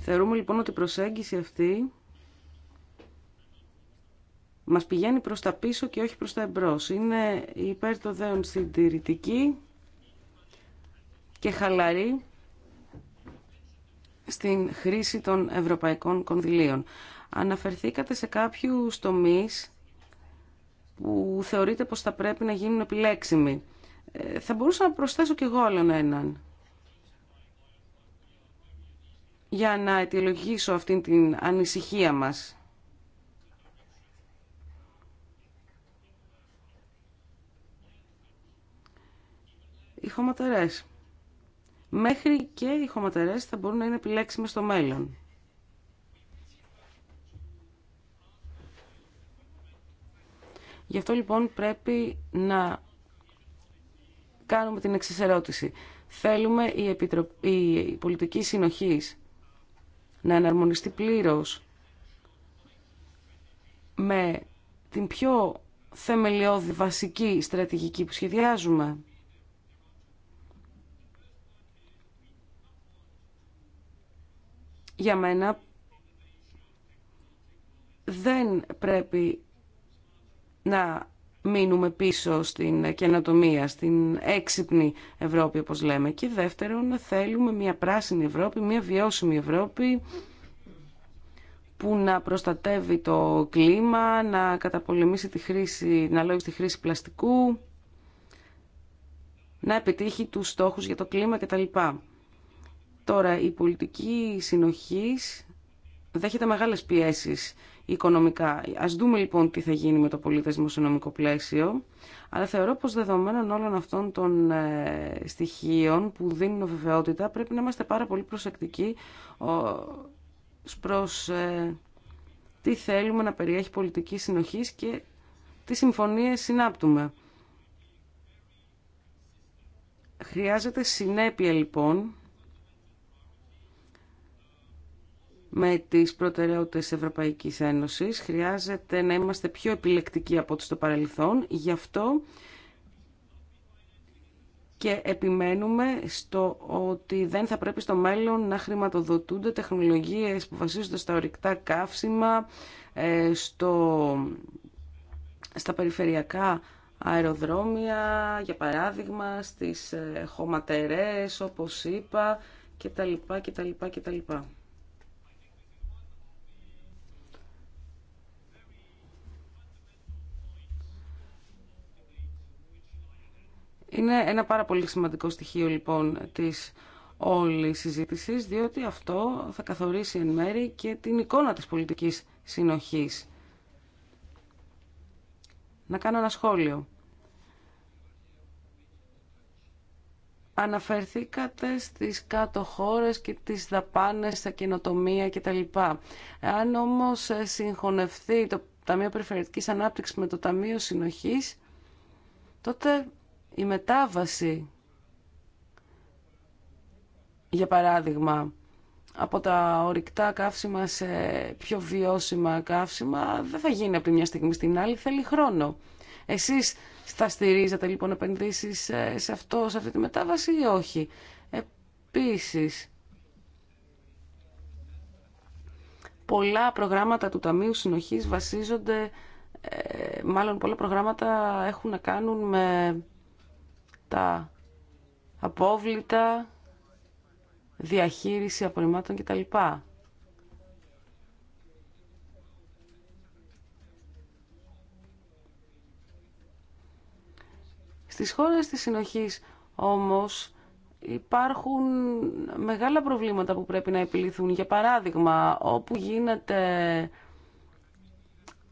Θεωρούμε λοιπόν ότι η προσέγγιση αυτή μας πηγαίνει προς τα πίσω και όχι προς τα εμπρός. Είναι υπέρ το δέον συντηρητική και χαλαρή στην χρήση των ευρωπαϊκών κονδυλίων. Αναφερθήκατε σε κάποιους τομείς που θεωρείτε πως θα πρέπει να γίνουν επιλέξιμοι. Ε, θα μπορούσα να προσθέσω κι εγώ άλλον έναν. Για να αιτιολογήσω αυτήν την ανησυχία μας. Οι μέχρι και οι χωματερές θα μπορούν να είναι επιλέξιμες στο μέλλον. Γι' αυτό λοιπόν πρέπει να κάνουμε την εξή ερώτηση. Θέλουμε η, η πολιτική συνοχής να εναρμονιστεί πλήρως με την πιο θεμελιώδη βασική στρατηγική που σχεδιάζουμε. για μένα δεν πρέπει να μείνουμε πίσω στην καινοτομία, στην έξυπνη Ευρώπη όπως λέμε. Και δεύτερον, θέλουμε μια πράσινη Ευρώπη, μια βιώσιμη Ευρώπη που να προστατεύει το κλίμα, να καταπολεμήσει τη χρήση, να λόγει τη χρήση πλαστικού, να επιτύχει τους στόχους για το κλίμα κτλ. Τώρα, η πολιτική συνοχής δέχεται μεγάλες πιέσεις οικονομικά. Ας δούμε λοιπόν τι θα γίνει με το πολίτεσμο συνομικό πλαίσιο, αλλά θεωρώ πως δεδομένων όλων αυτών των ε, στοιχείων που δίνουν βεβαιότητα πρέπει να είμαστε πάρα πολύ προσεκτικοί προ ε, τι θέλουμε να περιέχει πολιτική συνοχής και τι συμφωνίε συνάπτουμε. Χρειάζεται συνέπεια λοιπόν με τις προτεραιότητες Ευρωπαϊκής Ένωσης. Χρειάζεται να είμαστε πιο επιλεκτικοί από ό,τι στο παρελθόν. Γι' αυτό και επιμένουμε στο ότι δεν θα πρέπει στο μέλλον να χρηματοδοτούνται τεχνολογίες που βασίζονται στα ορυκτά καύσιμα, ε, στο, στα περιφερειακά αεροδρόμια, για παράδειγμα, στις ε, χωματερές, όπως είπα, κτλ. κτλ, κτλ. Είναι ένα πάρα πολύ σημαντικό στοιχείο λοιπόν της όλης συζήτησης, διότι αυτό θα καθορίσει εν μέρη και την εικόνα της πολιτικής συνοχής. Να κάνω ένα σχόλιο. Αναφερθήκατε στις κάτω χώρες και τις δαπάνες, στα καινοτομία κτλ. Αν όμως συγχωνευτεί το Ταμείο Περιφερειακής Ανάπτυξης με το Ταμείο Συνοχής, τότε η μετάβαση, για παράδειγμα, από τα ορυκτά καύσιμα σε πιο βιώσιμα καύσιμα δεν θα γίνει από τη μια στιγμή στην άλλη, θέλει χρόνο. Εσείς θα στηρίζετε λοιπόν επενδύσεις σε αυτό, σε αυτή τη μετάβαση ή όχι. Επίσης, πολλά προγράμματα του Ταμείου Συνοχής βασίζονται, ε, μάλλον πολλά προγράμματα έχουν να κάνουν με τα απόβλητα, διαχείριση απορριμμάτων κτλ. Στις χώρες της συνοχής όμως υπάρχουν μεγάλα προβλήματα που πρέπει να επιληθούν. Για παράδειγμα, όπου γίνεται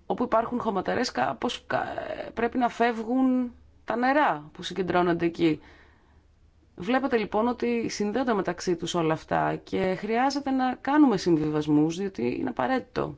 όπου υπάρχουν χωματερές, πρέπει να φεύγουν τα νερά που συγκεντρώνονται εκεί. Βλέπετε λοιπόν ότι συνδέονται μεταξύ τους όλα αυτά και χρειάζεται να κάνουμε συμβιβασμούς διότι είναι απαραίτητο.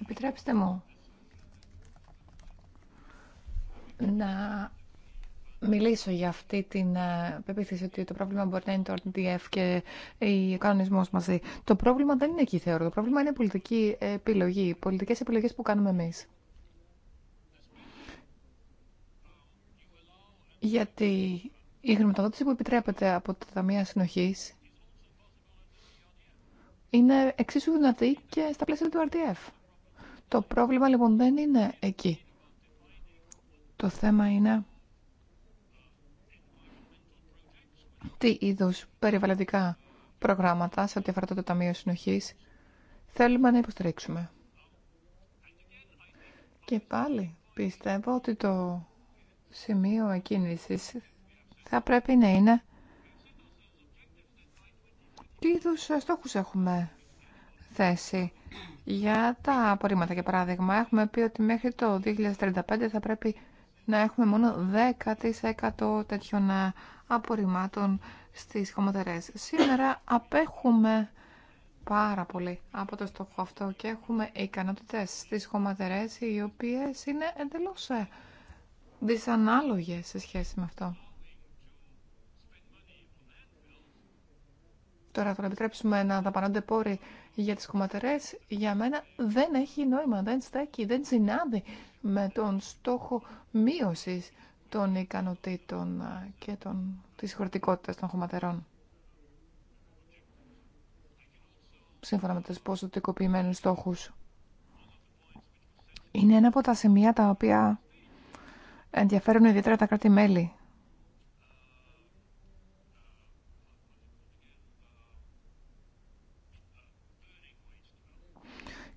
Επιτρέψτε μου να μιλήσω για αυτή την ε, πεποίθηση ότι το πρόβλημα μπορεί να είναι το RDF και ο κανονισμό μαζί. Το πρόβλημα δεν είναι εκεί, θεωρώ. Το πρόβλημα είναι η πολιτική επιλογή, πολιτικές επιλογές που κάνουμε εμεί. Γιατί η χρηματοδότηση που επιτρέπεται από τα Ταμεία συνοχή είναι εξίσου δυνατή και στα πλαίσια του RDF. Το πρόβλημα λοιπόν δεν είναι εκεί. Το θέμα είναι τι είδους περιβαλλοντικά προγράμματα σε ό,τι αφορά το Ταμείο Συνοχής θέλουμε να υποστηρίξουμε. Και πάλι πιστεύω ότι το σημείο εκκίνησης θα πρέπει να είναι τι είδου στόχου έχουμε θέσει Για τα απορρίμματα, για παράδειγμα, έχουμε πει ότι μέχρι το 2035 θα πρέπει να έχουμε μόνο 10% τέτοιων ε, απορριμμάτων στις χωματερές. Σήμερα απέχουμε πάρα πολύ από το στόχο αυτό και έχουμε ικανότητες στις χωματερές οι οποίες είναι εντελώς ε, δυσανάλογες σε σχέση με αυτό. Τώρα θα επιτρέψουμε να δαπανώνται πόροι για τις κομματερές, για μένα δεν έχει νόημα, δεν στέκει, δεν συνάδει με τον στόχο μείωσης των ικανοτήτων ε, και των, της χωρητικότητας των χωματερών. Σύμφωνα με τους ποσοτικοποιημένους στόχους. Είναι ένα από τα σημεία τα οποία ενδιαφέρουν ιδιαίτερα τα κράτη-μέλη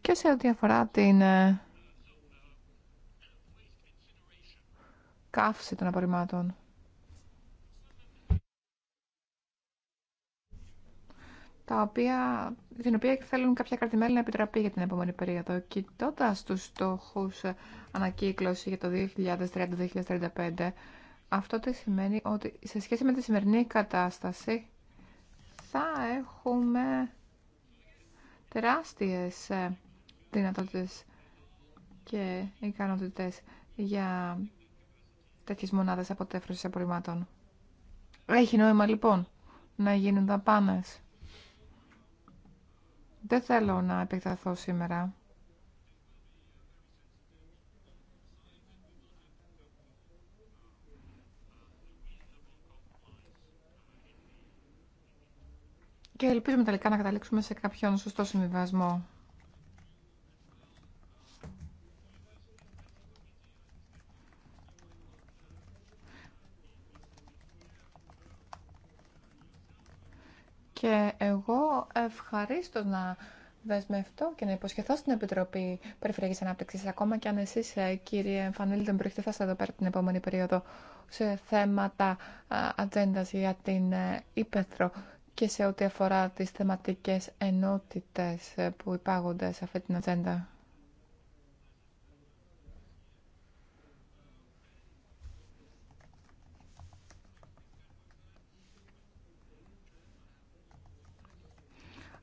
Και σε ό,τι αφορά την ε, καύση των απορριμμάτων. τα οποία, την οποία θέλουν κάποια κρατημέλη να επιτραπεί για την επόμενη περίοδο. Κοιτώντα του στόχου ε, ανακύκλωση για το 2030-2035, αυτό τι σημαίνει ότι σε σχέση με τη σημερινή κατάσταση θα έχουμε τεράστιες ε, δυνατότητες και ικανότητες για τέτοιες μονάδες αποτέφρωσης απορριμμάτων. Έχει νόημα λοιπόν να γίνουν δαπάνες. Δεν θέλω να επεκταθώ σήμερα. Και ελπίζουμε τελικά να καταλήξουμε σε κάποιον σωστό συμβιβασμό. Και εγώ ευχαρίστω να δεσμευτώ και να υποσχεθώ στην Επιτροπή Περιφερειακή ανάπτυξη. ακόμα και αν εσεί, ε, κύριε Εμφανίλη, δεν πρόκειται εδώ πέρα την επόμενη περίοδο σε θέματα ε, ατζέντα για την ε, Ήπεθρο και σε ό,τι αφορά τις θεματικές ενότητες που υπάγονται σε αυτή την ατζέντα.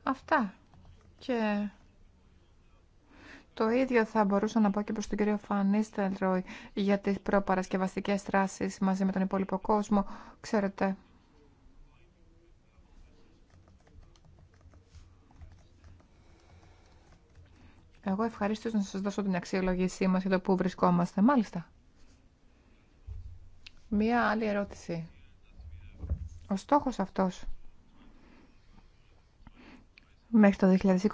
Αυτά. Και το ίδιο θα μπορούσα να πω και προς τον κύριο Φανίστελ για τις προπαρασκευαστικές τράσεις μαζί με τον υπόλοιπο κόσμο. Ξέρετε, Εγώ ευχαρίστω να σας δώσω την αξιολογήσή μας για το πού βρισκόμαστε. Μάλιστα. Μία άλλη ερώτηση. Ο στόχος αυτός μέχρι το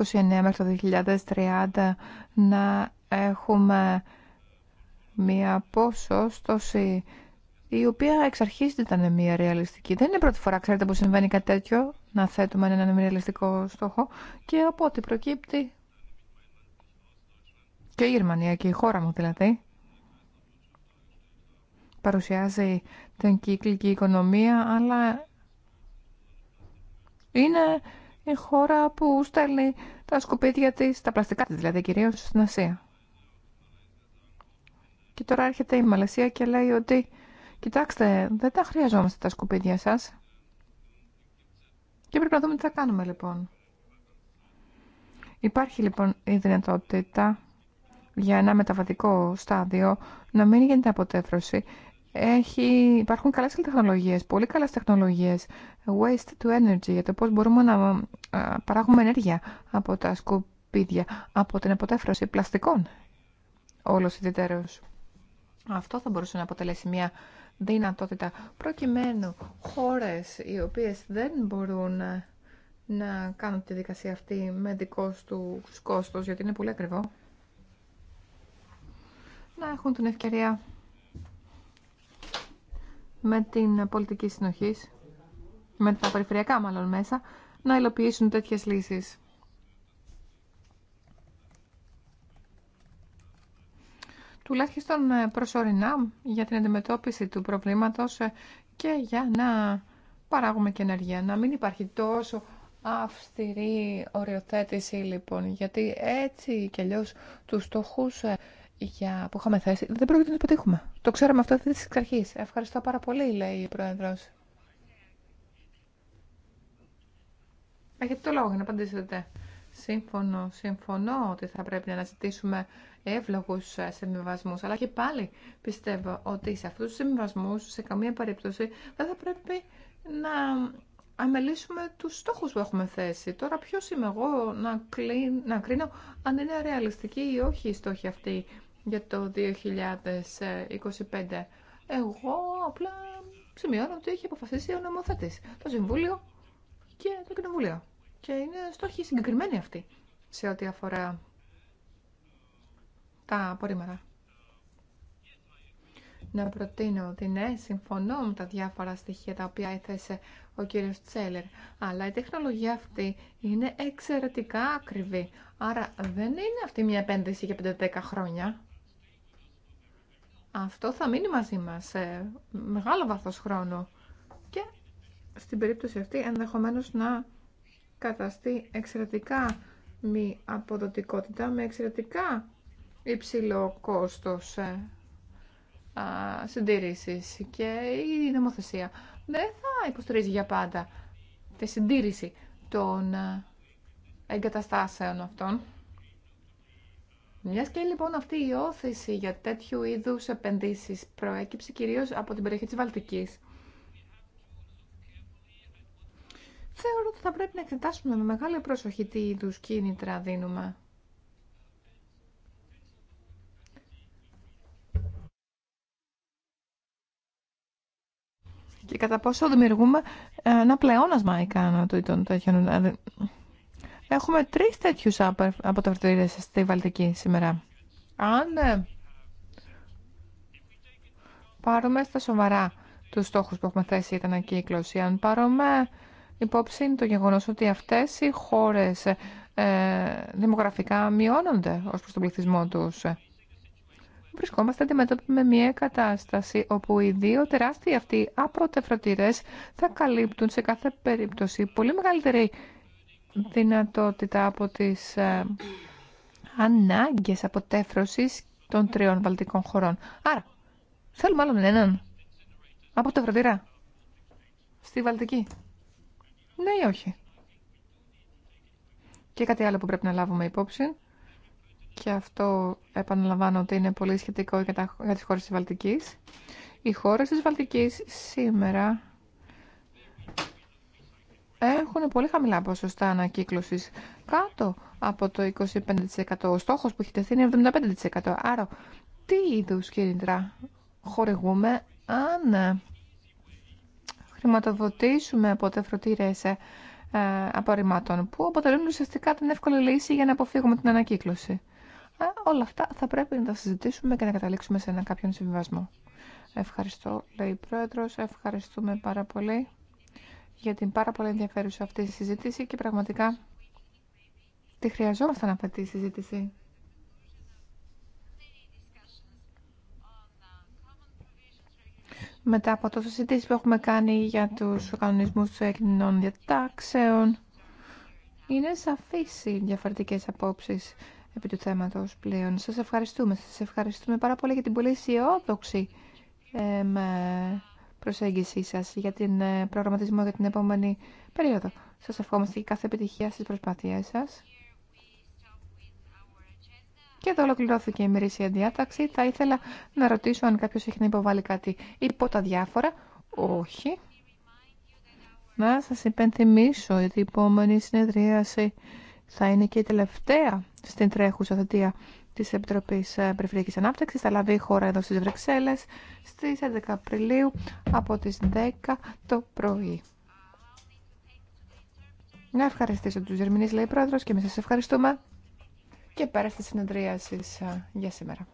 2029, μέχρι το 2030 να έχουμε μία ποσόστοση η οποία εξ αρχής ήταν μία ρεαλιστική. Δεν είναι πρώτη φορά, ξέρετε, που συμβαίνει κάτι τέτοιο, να θέτουμε έναν ρεαλιστικό στόχο και από ό,τι προκύπτει και η Γερμανία και η χώρα μου δηλαδή παρουσιάζει την κύκλικη οικονομία, αλλά είναι η χώρα που στέλνει τα σκουπίδια της, τα πλαστικά της δηλαδή κυρίως στην Ασία. Και τώρα έρχεται η Μαλαισία και λέει ότι κοιτάξτε δεν τα χρειαζόμαστε τα σκουπίδια σας. Και πρέπει να δούμε τι θα κάνουμε λοιπόν. Υπάρχει λοιπόν η δυνατότητα για ένα μεταβατικό στάδιο να μην γίνεται αποτέφρωση έχει, υπάρχουν καλές τεχνολογίες, πολύ καλές τεχνολογίες waste to energy για το πώς μπορούμε να παράγουμε ενέργεια από τα σκουπίδια, από την αποτέφρωση πλαστικών όλος ιδιαίτερος. Αυτό θα μπορούσε να αποτελέσει μια δυνατότητα προκειμένου χώρες οι οποίες δεν μπορούν να κάνουν τη δικασία αυτή με δικό του κόστος γιατί είναι πολύ ακριβό να έχουν την ευκαιρία με την πολιτική συνοχή, με τα περιφερειακά μάλλον μέσα, να υλοποιήσουν τέτοιες λύσεις. Τουλάχιστον ε, προσωρινά για την αντιμετώπιση του προβλήματος ε, και για να παράγουμε και ενέργεια. Να μην υπάρχει τόσο αυστηρή οριοθέτηση λοιπόν, γιατί έτσι και αλλιώς τους στόχους ε, για, που είχαμε θέσει δεν πρόκειται να το πετύχουμε. Το ξέραμε αυτό αυτή τη αρχή. Ευχαριστώ πάρα πολύ, λέει η Πρόεδρο. Έχετε το λόγο για να απαντήσετε. Σύμφωνο, συμφωνώ ότι θα πρέπει να ζητήσουμε εύλογου ε, συμβιβασμού. Αλλά και πάλι πιστεύω ότι σε αυτού του συμβιβασμού, σε καμία περίπτωση, δεν θα πρέπει να αμελήσουμε του στόχου που έχουμε θέσει. Τώρα ποιο είμαι εγώ να, να κρίνω αν είναι ρεαλιστική ή όχι η στόχη αυτή για το 2025. Εγώ απλά σημειώνω ότι έχει αποφασίσει ο νομοθέτης, το Συμβούλιο και το Κοινοβούλιο. Και είναι στόχοι συγκεκριμένοι αυτοί σε ό,τι αφορά τα απορρίμματα. Να προτείνω ότι ναι, συμφωνώ με τα διάφορα στοιχεία τα οποία έθεσε ο κύριος Τσέλερ, αλλά η τεχνολογία αυτή είναι εξαιρετικά ακριβή. Άρα δεν είναι αυτή μια επένδυση για 5-10 χρόνια αυτό θα μείνει μαζί μας σε μεγάλο βαθμό χρόνου και στην περίπτωση αυτή ενδεχομένως να καταστεί εξαιρετικά μη αποδοτικότητα με εξαιρετικά υψηλό κόστος ε, συντήρησης και η νομοθεσία δεν θα υποστηρίζει για πάντα τη συντήρηση των ε, εγκαταστάσεων αυτών. Μια και λοιπόν αυτή η όθηση για τέτοιου είδους επενδύσεις προέκυψε κυρίως από την περιοχή της Βαλτικής. Θεωρώ ότι θα πρέπει να εξετάσουμε με μεγάλη προσοχή τι είδους κίνητρα δίνουμε. Και κατά πόσο δημιουργούμε ένα πλεόνασμα ικανοτήτων τέτοιων δηλαδή, Έχουμε τρεις τέτοιους αποταυτήρες στη Βαλτική σήμερα. Αν ε, πάρουμε στα σοβαρά τους στόχους που έχουμε θέσει για την ανακύκλωση, αν πάρουμε υπόψη το γεγονός ότι αυτές οι χώρες ε, δημογραφικά μειώνονται ως προς τον πληθυσμό τους. Ε, βρισκόμαστε αντιμέτωποι με μια κατάσταση όπου οι δύο τεράστιοι αυτοί αποτεφρωτήρες θα καλύπτουν σε κάθε περίπτωση πολύ μεγαλύτερη δυνατότητα από τις ε, ανάγκες αποτέφρωσης των τριών βαλτικών χωρών. Άρα, θέλουμε άλλον έναν από το βραδυρά στη Βαλτική. Ναι ή όχι. Και κάτι άλλο που πρέπει να λάβουμε υπόψη και αυτό επαναλαμβάνω ότι είναι πολύ σχετικό για, τα, για τις χώρες της Βαλτικής. Οι χώρες της Βαλτικής σήμερα έχουν πολύ χαμηλά ποσοστά ανακύκλωση κάτω από το 25%. Ο στόχος που έχει τεθεί είναι 75%. Άρα, τι είδου κίνητρα χορηγούμε αν ε, χρηματοδοτήσουμε από τεφρωτήρες ε, ε, απορριμμάτων που αποτελούν ουσιαστικά την εύκολη λύση για να αποφύγουμε την ανακύκλωση. Ε, όλα αυτά θα πρέπει να τα συζητήσουμε και να καταλήξουμε σε ένα κάποιον συμβιβασμό. Ευχαριστώ, λέει η Πρόεδρος. Ευχαριστούμε πάρα πολύ για την πάρα πολύ ενδιαφέρουσα αυτή συζήτηση και πραγματικά τη χρειαζόμασταν αυτή τη συζήτηση. Μετά από τόσες συζητήσεις που έχουμε κάνει για τους κανονισμούς κοινωνικών διατάξεων, είναι σαφείς οι διαφορετικές απόψεις επί του θέματος πλέον. Σας ευχαριστούμε. Σας ευχαριστούμε πάρα πολύ για την πολύ αισιόδοξη ε, προσέγγιση σας για την ε, προγραμματισμό για την επόμενη περίοδο. Σας ευχόμαστε και κάθε επιτυχία στις προσπάθειές σας. Και εδώ ολοκληρώθηκε η ημερήσια διάταξη. Θα ήθελα να ρωτήσω αν κάποιος έχει να υποβάλει κάτι υπό τα διάφορα. Όχι. Να σας υπενθυμίσω ότι η επόμενη συνεδρίαση θα είναι και η τελευταία στην τρέχουσα θετία. Τη Επιτροπή ε, Περιφερειακή Ανάπτυξη. θα λάβει η χώρα εδώ στις Βρυξέλλες στις 11 Απριλίου από τις 10 το πρωί. Να ευχαριστήσω τους Γερμινείς, λέει η και εμεί σας ευχαριστούμε και πέρα στη συνεδρίαση ε, για σήμερα.